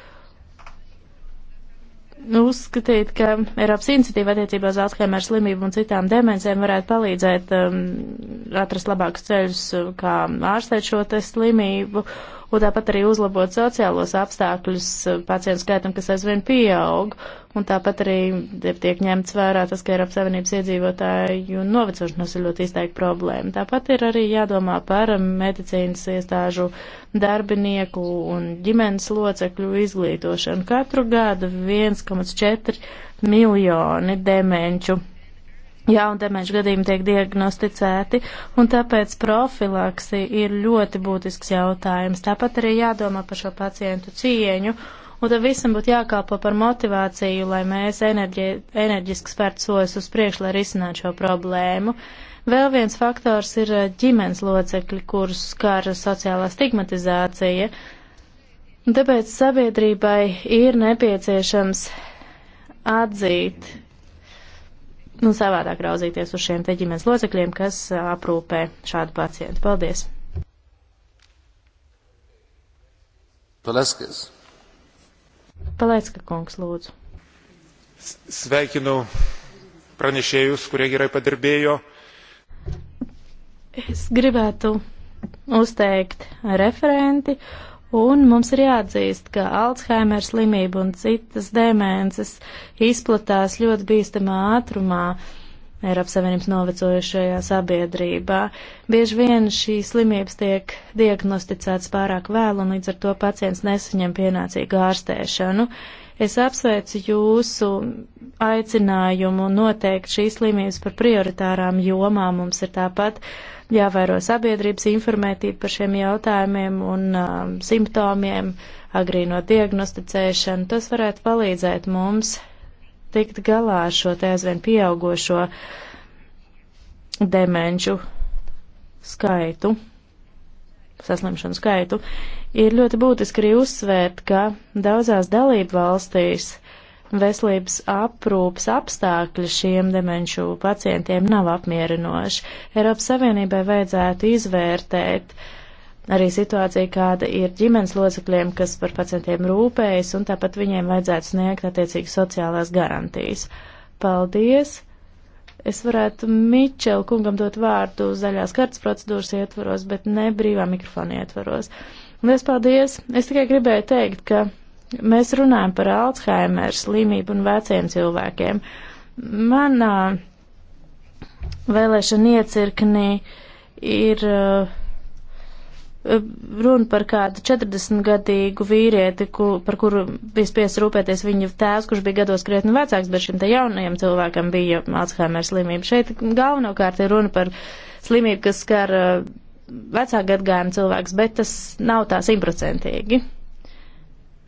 uzskatīt, ka Eiropas iniciatīva attiecībā uz Alzheimer slimību un citām demencēm varētu palīdzēt um, atrast labākus ceļus, um, kā ārstēt šo te slimību un tāpat arī uzlabot sociālos apstākļus eh, pacientu skaitam, kas aizvien pieaug, un tāpat arī tiek ņemts vērā tas, ka Eiropas Savienības iedzīvotāju novecošanās ir ļoti izteikta problēma. Tāpat ir arī jādomā par medicīnas iestāžu darbinieku un ģimenes locekļu izglītošanu. Katru gadu 1,4 miljoni demenču jaunu demenšu gadījumu tiek diagnosticēti, un tāpēc profilaksi ir ļoti būtisks jautājums. Tāpat arī jādomā par šo pacientu cieņu, un tam visam būtu jākalpo par motivāciju, lai mēs enerģi, enerģiski spērtu sojas uz priekšu, lai risinātu šo problēmu. Vēl viens faktors ir eh, ģimenes locekļi, kurus skar sociālā stigmatizācija. Tāpēc sabiedrībai ir nepieciešams atzīt nu, savādāk raudzīties uz šiem te ģimenes locekļiem, kas aprūpē šādu pacientu. Paldies! Palēskas. Palēska kungs, lūdzu. Sveikinu pranešējus, kurie gerai padirbėjo. Es gribētu uzteikt referenti Un mums ir jāatzīst, ka Alzheimer slimība un citas demences izplatās ļoti bīstamā ātrumā. Eiropas Savienības novecojušajā sabiedrībā. Bieži vien šīs slimības tiek diagnosticētas pārāk vēlu un līdz ar to pacients nesaņem pienācīgu ārstēšanu. Es apsveicu jūsu aicinājumu noteikt šīs slimības par prioritārām jomām. Mums ir tāpat uh, jāvēro sabiedrības informētība par šiem jautājumiem un um, simptomiem, agrīno diagnosticēšanu. Tas varētu palīdzēt mums tikt galā ar šo te aizvien pieaugošo demenču skaitu, saslimšanu skaitu. Ir ļoti būtiski arī uzsvērt, ka daudzās dalību valstīs veselības aprūpas apstākļi šiem demenšu pacientiem nav apmierinoši. Eiropas Savienībai vajadzētu izvērtēt arī situāciju, kāda ir ģimenes locekļiem, kas par pacientiem rūpējas, un tāpat viņiem vajadzētu sniegt attiecīgi sociālās garantijas. Paldies! Es varētu Mičel kungam dot vārdu zaļās kartas procedūras ietvaros, bet ne brīvā mikrofona ietvaros. Lies paldies! Es tikai gribēju teikt, ka Mēs runājam par Alzheimer slimību un veciem cilvēkiem. Manā vēlēšana iecirknī ir uh, runa par kādu 40-gadīgu vīrieti, ku, par kuru bija spiests rūpēties viņa tēvs, kurš bija gados krietni vecāks, bet šim te jaunajam cilvēkam bija Alzheimer slimība. Šeit galvenokārt ir runa par slimību, kas skar eh, vecāku gadgājumu cilvēks, bet tas nav tā simtprocentīgi.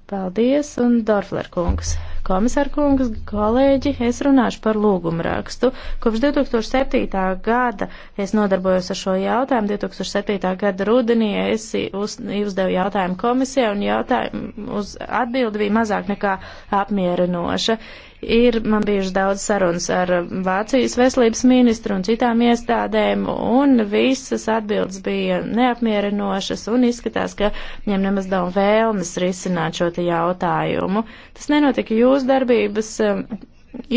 Paldies, un Dorfler kungs. Komisār kungs, kolēģi, es runāšu par lūgumu rakstu. Kopš 2007. gada es nodarbojos ar šo jautājumu. 2007. gada rudenī es uz, uzdevu jautājumu komisijai, un jautājumu uz atbildi bija mazāk nekā apmierinoša. Uh, Ir man bijuši daudz sarunas ar Vācijas veselības ministru un citām iestādēm, un visas atbildes bija neapmierinošas, un izskatās, ka viņiem nemaz nav vēlmes risināt šo te jautājumu. Tas nenotika jūs darbības um,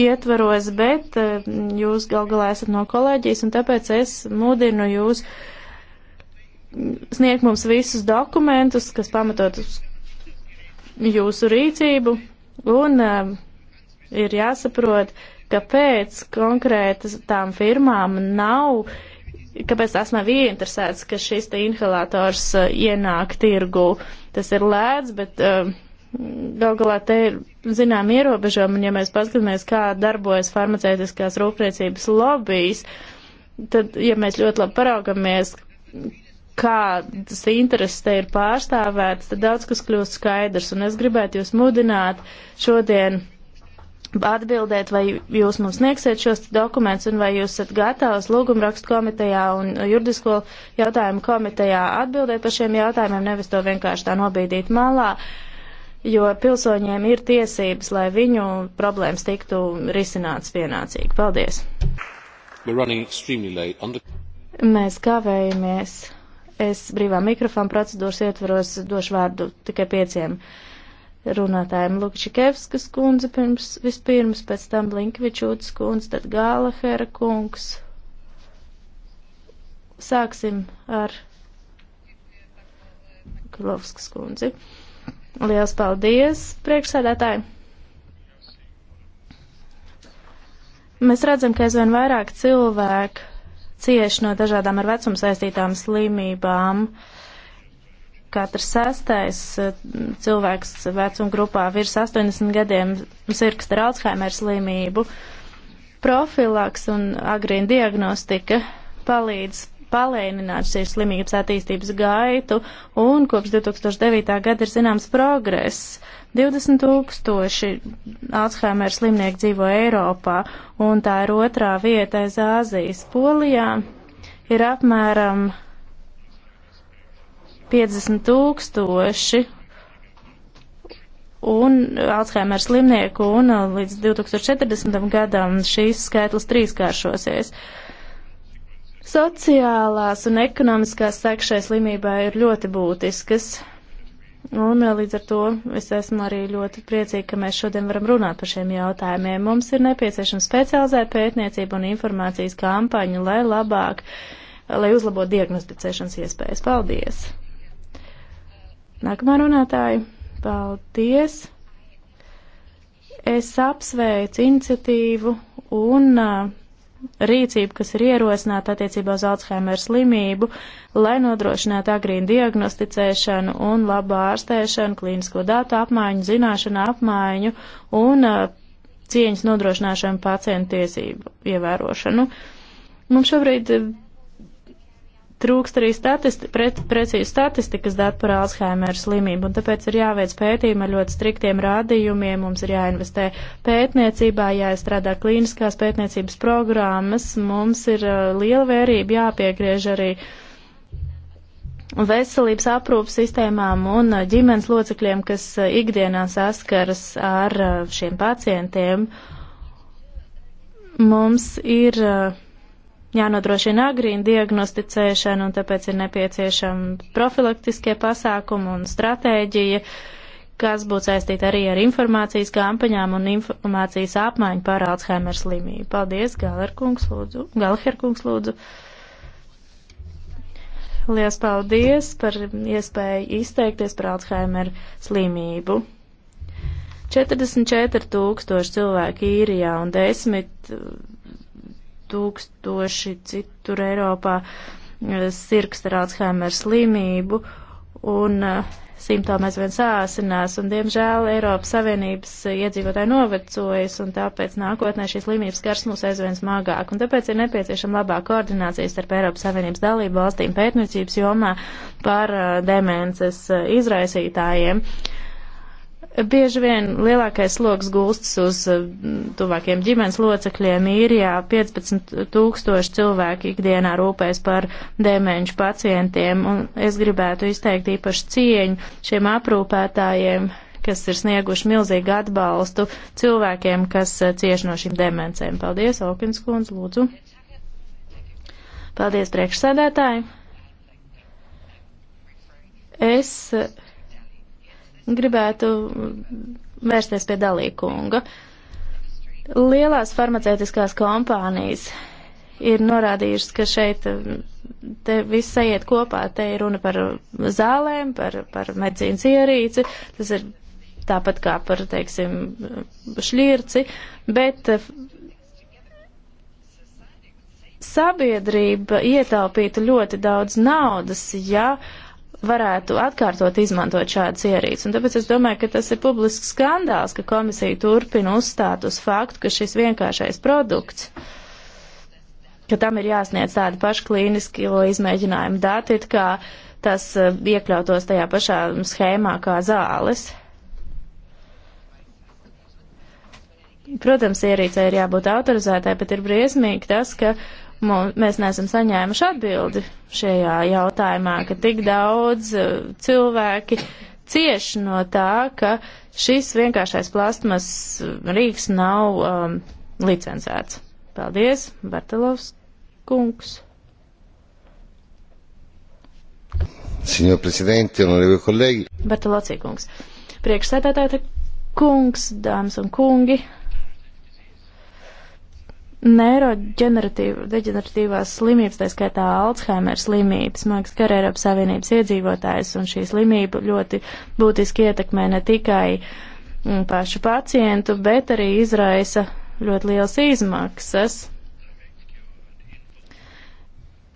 ietvaros, bet um, jūs gal galā esat no kolēģijas, un tāpēc es mudinu jūs sniegt mums visus dokumentus, kas pamatotus jūsu rīcību, un uh, ir jāsaprot, kāpēc konkrētas tām firmām nav, kāpēc tās nav ieinteresētas, ka šis te inhalators uh, ienāk tirgu. Tas ir lēts, bet uh, gal galā te ir zinām ierobežojumi, un ja mēs paskatāmies, kā darbojas farmaceitiskās rūpniecības lobijas, tad, ja mēs ļoti labi paraugamies, kādas intereses te ir pārstāvētas, tad daudz kas kļūst skaidrs, un es gribētu jūs mudināt šodien atbildēt, vai jūs mums sniegsiet šos dokumentus un vai jūs esat gatavs lūgumrakstu komitejā un juridisko jautājumu komitejā atbildēt par šiem jautājumiem, nevis to vienkārši tā nobīdīt malā, jo pilsoņiem ir tiesības, lai viņu problēmas tiktu risināts pienācīgi. Paldies! The... Mēs kavējamies. Es brīvā mikrofona procedūras ietvaros došu vārdu tikai pieciem runātājiem Lukčikevskas kundze pirms, vispirms, pēc tam Blinkvičūtas kundze, tad Gālahera kungs. Sāksim ar Kilovskas kundzi. Liels paldies, priekšsēdētāji! Mēs redzam, ka aizvien vairāk cilvēku cieši no dažādām ar vecumu saistītām slimībām. Uh, katrs sastais eh, cilvēks vecuma grupā virs 80 gadiem sirksta Alzheimer slimību. Profilaks un agrīna diagnostika palīdz palēnināt šīs slimības attīstības gaitu, un kopš 2009. gada ir zināms progress. 20 tūkstoši Alzheimer slimnieku dzīvo Eiropā, un tā ir otrā vieta aiz Āzijas. Polijā ir apmēram 50 tūkstoši un Alzheimer slimnieku un uh, līdz 2040. gadam šīs skaitlis trīskāršosies. Sociālās un ekonomiskās sekas šai slimībai ir ļoti būtiskas. Un uh, līdz ar to es esmu arī ļoti priecīga, ka mēs šodien varam runāt par šiem jautājumiem. Mums ir nepieciešama specializēta pētniecība un informācijas kampaņa, lai labāk, lai uzlabotu diagnosticēšanas iespējas. Paldies! Nākamā runātāja. Paldies! Es apsveicu iniciatīvu un uh, rīcību, kas ir ierosināta attiecībā uz Alzheimer slimību, lai nodrošinātu agrīnu diagnosticēšanu un labu ārstēšanu, klīnisko datu apmaiņu, zināšanu apmaiņu un uh, cieņas nodrošināšanu pacientu tiesību ievērošanu. Mums šobrīd Trūkst arī statisti, pret, precīzi statistikas datu par Alzheimer slimību, un tāpēc ir jāveic pētījumi ar ļoti striktiem rādījumiem, mums ir jāinvestē pētniecībā, jāizstrādā klīniskās pētniecības programmas, mums ir uh, liela vērība jāpiegriež arī veselības aprūpas sistēmām un uh, ģimenes locekļiem, kas uh, ikdienā saskaras ar šiem pacientiem, mums ir uh, jānodrošina agrīna diagnosticēšana, un tāpēc ir nepieciešama profilaktiskie pasākumi un stratēģija, kas būtu saistīta arī ar informācijas kampaņām un informācijas apmaiņu par Alzheimer slimību. Paldies, Galerkungs, lūdzu. Galherkungs, lūdzu. Lielas paldies par iespēju izteikties par Alzheimer slimību. 44 tūkstoši cilvēku īrijā un 10 tūkstoši citur Eiropā eh, sirgs ar Alzheimer slimību, un eh, simtām aizvien sāsinās, un diemžēl Eiropas Savienības eh, iedzīvotāji novecojas, un tāpēc nākotnē šīs slimības skars mūs aizvien smagāk, un tāpēc ir nepieciešama labā koordinācija starp Eiropas Savienības dalību valstīm pētniecības jomā par uh, demences uh, izraisītājiem. Uh, Bieži vien lielākais sloks gulstas uz eh, tuvākiem ģimenes locekļiem īrijā. 15 tūkstoši cilvēki ikdienā rūpēs par demenšu pacientiem, un es gribētu izteikt īpašu cieņu šiem aprūpētājiem, kas ir snieguši milzīgu atbalstu cilvēkiem, kas eh, cieši no šīm demencēm. Paldies, Okins kundz, lūdzu. Paldies, priekšsēdētāji. Es. Uh, Gribētu vērsties pie dalīkunga. Lielās farmaceitiskās kompānijas ir norādījušas, ka šeit um, te viss aiziet kopā. Te ir runa par zālēm, par, par medicīnas ierīci, tas ir tāpat kā par, teiksim, šļirci, bet eh, sabiedrība ietaupītu ļoti daudz naudas, ja uh, varētu atkārtot izmantot šādas ierīces. Un tāpēc es domāju, ka tas ir publisks skandāls, ka komisija turpina uzstāt uz faktu, ka šis vienkāršais produkts, ka tam ir jāsniedz tādi paši klīniski izmēģinājumi dati, it kā tas e, iekļautos tajā pašā schēmā kā zāles. Protams, ierīcei ir jābūt autorizētai, bet ir briesmīgi tas, ka Mums, mēs neesam saņēmuši atbildi šajā jautājumā, ka tik daudz e, cilvēki cieši no tā, ka šis vienkāršais plasmas rīks nav um, licencēts. Paldies, Bartelovs kungs. Signor Presidente, onorevoli kolēģi. Bartelovs kungs. Priekšsēdētāja kungs, dāmas un kungi, Neiroģeneratīvās slimības, tā skaitā Alzheimer slimības, māks kar Eiropas Savienības iedzīvotājs, un šī slimība ļoti būtiski ietekmē ne tikai mm, pašu pacientu, bet arī izraisa ļoti liels izmaksas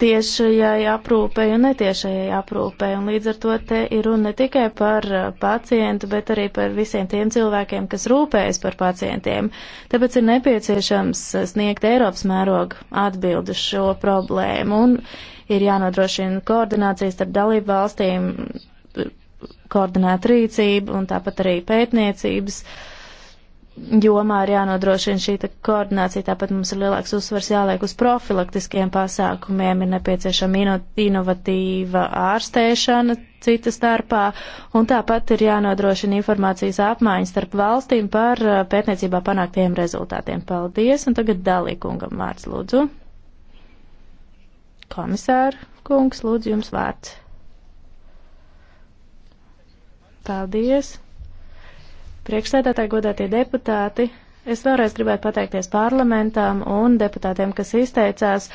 tiešajai aprūpei un netiešajai aprūpei. Un līdz ar to te ir runa ne tikai par uh, pacientu, bet arī par visiem tiem cilvēkiem, kas rūpējas par pacientiem. Tāpēc ir nepieciešams uh, sniegt Eiropas mērogu atbildu šo problēmu un ir jānodrošina koordinācijas starp dalību valstīm, uh, koordinēt rīcību un tāpat arī pētniecības. Uh, jomā ir jānodrošina šī koordinācija, tāpat mums ir lielāks uzsvars jāliek uz profilaktiskiem pasākumiem, ir nepieciešama ino, inovatīva ārstēšana cita starpā, un tāpat ir jānodrošina informācijas apmaiņas starp valstīm par uh, pētniecībā panāktiem rezultātiem. Paldies, un tagad dalīkungam vārds lūdzu. Komisāra kungs, lūdzu jums vārds. Paldies. Priekšsēdētāji, godātie deputāti, es vēlreiz gribētu pateikties parlamentām un deputātiem, kas izteicās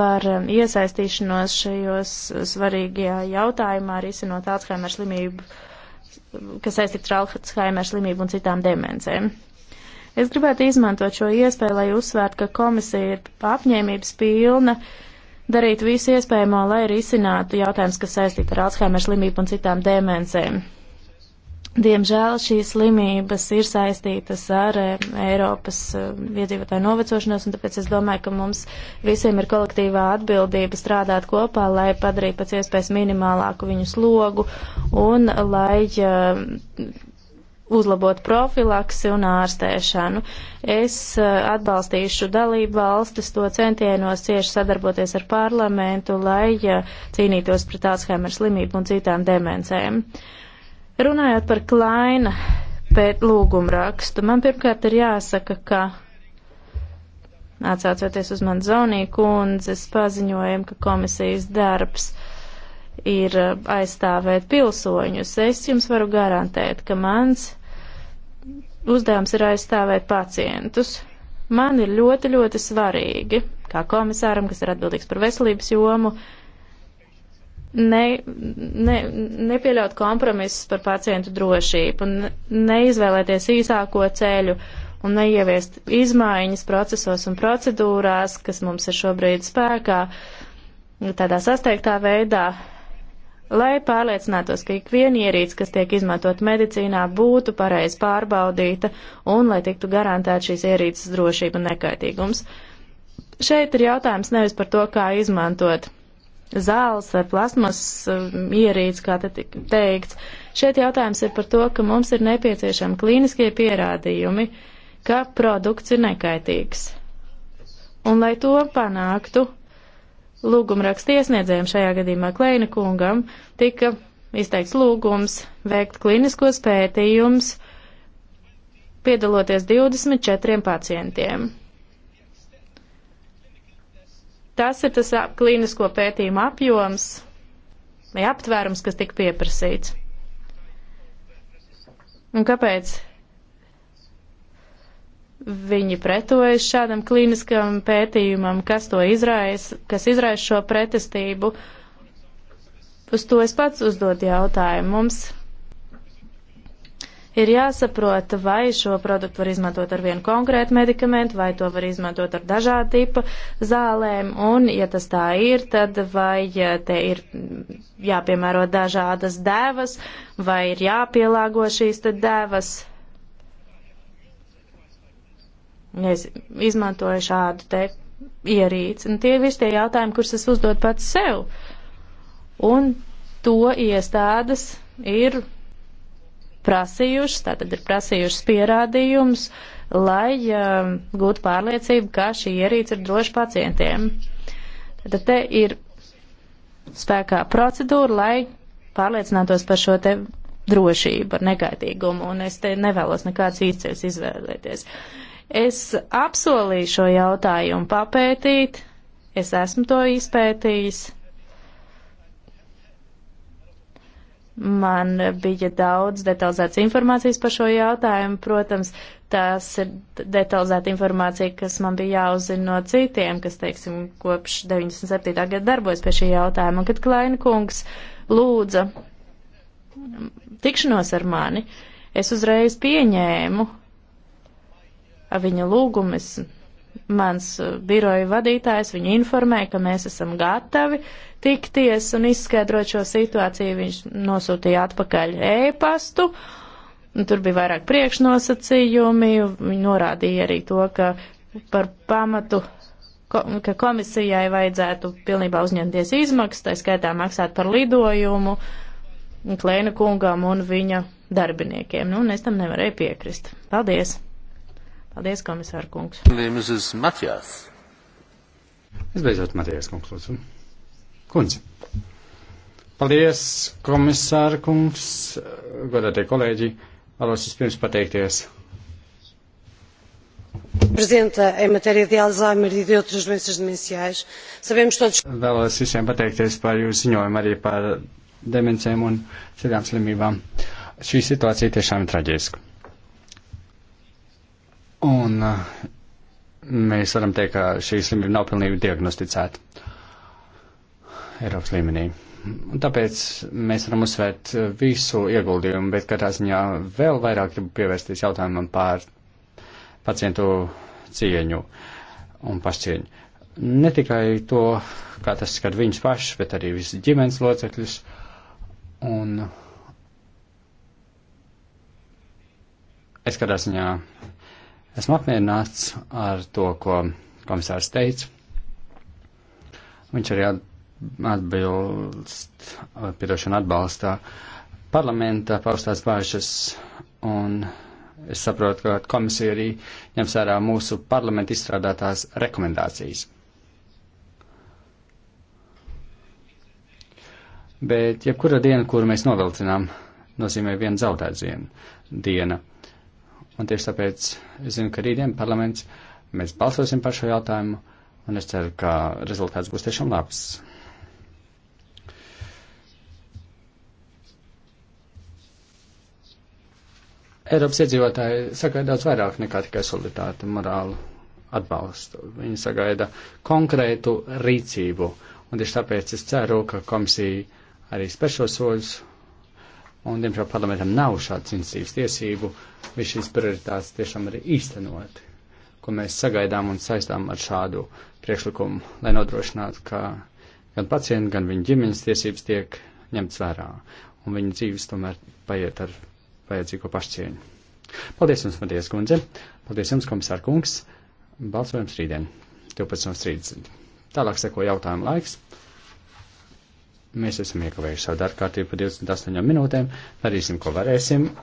par um, iesaistīšanos šajos svarīgajā jautājumā, risinot Alzheimer slimību, kas saistīts ar Alzheimer slimību un citām demencēm. Es gribētu izmantot šo iespēju, lai uzsvērtu, ka komisija ir apņēmības pilna darīt visu iespējamo, lai risinātu jautājumus, kas saistīti ar Alzheimer slimību un citām demencēm. Diemžēl šīs slimības ir saistītas ar eh, Eiropas eh, iedzīvotāju novecošanos, un tāpēc es domāju, ka mums visiem ir kolektīvā atbildība strādāt kopā, lai padarītu pēc iespējas minimālāku viņu slogu un lai eh, uzlabot profilaksi un ārstēšanu. Es atbalstīšu dalību valstis to centienos cieši sadarboties ar parlamentu, lai cīnītos pret Alzheimer slimību un citām demencēm. Uh, Runājot par Klaina pēc lūguma rakstu, man pirmkārt ir jāsaka, ka atsācoties uz man zonī kundzes paziņojumu, ka komisijas darbs ir eh, aizstāvēt pilsoņus, es jums varu garantēt, ka mans uzdevums ir aizstāvēt pacientus. Man ir ļoti, ļoti svarīgi, kā komisāram, kas ir atbildīgs par veselības jomu, uh, ne, ne, nepieļaut kompromisus par pacientu drošību, neizvēlēties īsāko ceļu un neieviest izmaiņas procesos un procedūrās, kas mums ir šobrīd spēkā, tādā sasteigtā veidā, lai pārliecinātos, ka ikviena ierīce, kas tiek izmantot medicīnā, būtu pareiz pārbaudīta un lai tiktu garantēta šīs ierīces drošība un nekaitīgums. Šeit ir jautājums nevis par to, kā izmantot zāles vai plasmas um, ierīces, kā te tika teikts. Šeit jautājums ir par to, ka mums ir nepieciešami klīniskie pierādījumi, ka produkts ir nekaitīgs. Un lai to panāktu, lūgumraksta iesniedzējiem šajā gadījumā Kleina kungam tika izteikts lūgums veikt klīniskos pētījumus, piedaloties 24 pacientiem. Tas ir tas klīnisko pētījumu apjoms vai aptvērums, kas tika pieprasīts. Un kāpēc viņi pretojas šādam klīniskam pētījumam, kas to izraisa, kas izraisa šo pretestību? Uz to es pats uzdod jautājumu. Mums Ir jāsaprot, vai šo produktu var izmantot ar vienu konkrētu medikamentu, vai to var izmantot ar dažādu tipu zālēm, un, ja tas tā ir, tad vai te ir jāpiemēro dažādas dēvas, vai ir jāpielāgo šīs te dēvas. Es izmantoju šādu te ierīci, un tie visi tie jautājumi, kurus es uzdod pats sev. Un to iestādes ir prasījušas, tātad ir prasījušas pierādījumus, lai uh, gūtu pārliecību, ka šī ierīce ir droša pacientiem. Tad te ir spēkā procedūra, lai pārliecinātos par šo te drošību, par nekaitīgumu, un es te nevēlos nekāds īsceļs izvēlēties. Es apsolīju šo jautājumu papētīt, es esmu to izpētījis, Man bija daudz detalizētas informācijas par šo jautājumu. Protams, tās ir detalizēta informācija, kas man bija jāuzzina no citiem, kas, teiksim, kopš 97. gada darbojas pie šī jautājuma. Un kad Klaina kungs lūdza tikšanos ar mani, es uzreiz pieņēmu viņa lūgumu. Es mans uh, biroja vadītājs viņu informēja, ka mēs esam gatavi tikties un izskaidrot šo situāciju. Viņš nosūtīja atpakaļ ēpastu. E tur bija vairāk priekšnosacījumi. Viņi norādīja arī to, ka par pamatu ko, ka komisijai vajadzētu pilnībā uzņemties izmaksas, tā skaitā maksāt par lidojumu Klēna kungam un viņa darbiniekiem. Nu, un es tam nevarēju piekrist. Paldies! Paldies, komisāra kungs. Es beidzot, Matijas kungs, lūdzu. Kundze. Paldies, komisāra kungs, godātie kolēģi. Vēlos vispirms pateikties. Presidenta, em matéria de Alzheimer e de outras doenças demenciais, sabemos todos. Vēlos visiem pateikties par jūsu ziņojumu arī par demencēm un citām slimībām. Šī situācija tiešām ir traģiska. Un uh, mēs varam teikt, ka šī slimība nav pilnīgi diagnosticēta Eiropas līmenī. Un tāpēc mēs varam uzsvērt visu ieguldījumu, bet katrā ziņā vēl vairāk gribu pievērsties jautājumam par pacientu cieņu un pašcieņu. Ne tikai to, kā tas skar viņus pašus, bet arī visu ģimenes locekļus. Un es katrā ziņā Esmu apmierināts ar to, ko komisārs teica. Viņš arī atbilst, piedošana atbalstā parlamenta paustās bāžas un es saprotu, ka komisija arī ņems vērā mūsu parlamenta izstrādātās rekomendācijas. Bet jebkura diena, kuru mēs novilcinām, nozīmē vienu zaudētu dienu. Un tieši tāpēc es zinu, ka rītdien parlaments mēs balsosim par šo jautājumu, un es ceru, ka rezultāts būs tiešām labs. Eiropas iedzīvotāji sagaida daudz vairāk nekā tikai solidaritāti, morālu atbalstu. Viņi sagaida konkrētu rīcību. Un tieši tāpēc es ceru, ka komisija arī spēr šos soļus un, diemžēl, parlamentam nav šāds institīvas tiesību, viņš šīs prioritātes tiešām arī īstenot, ko mēs sagaidām un saistām ar šādu priekšlikumu, lai nodrošinātu, ka gan pacienti, gan viņa ģimenes tiesības tiek ņemts vērā, un viņa dzīves tomēr paiet ar vajadzīgo pašcieņu. Paldies jums, Matijas kundze! Paldies jums, komisār kungs! Balsojums rītdien, 12.30. Tālāk seko jautājumu laiks. Mēs esam iekavējuši savu darbkārtību par 28 minūtēm. Darīsim, ko varēsim.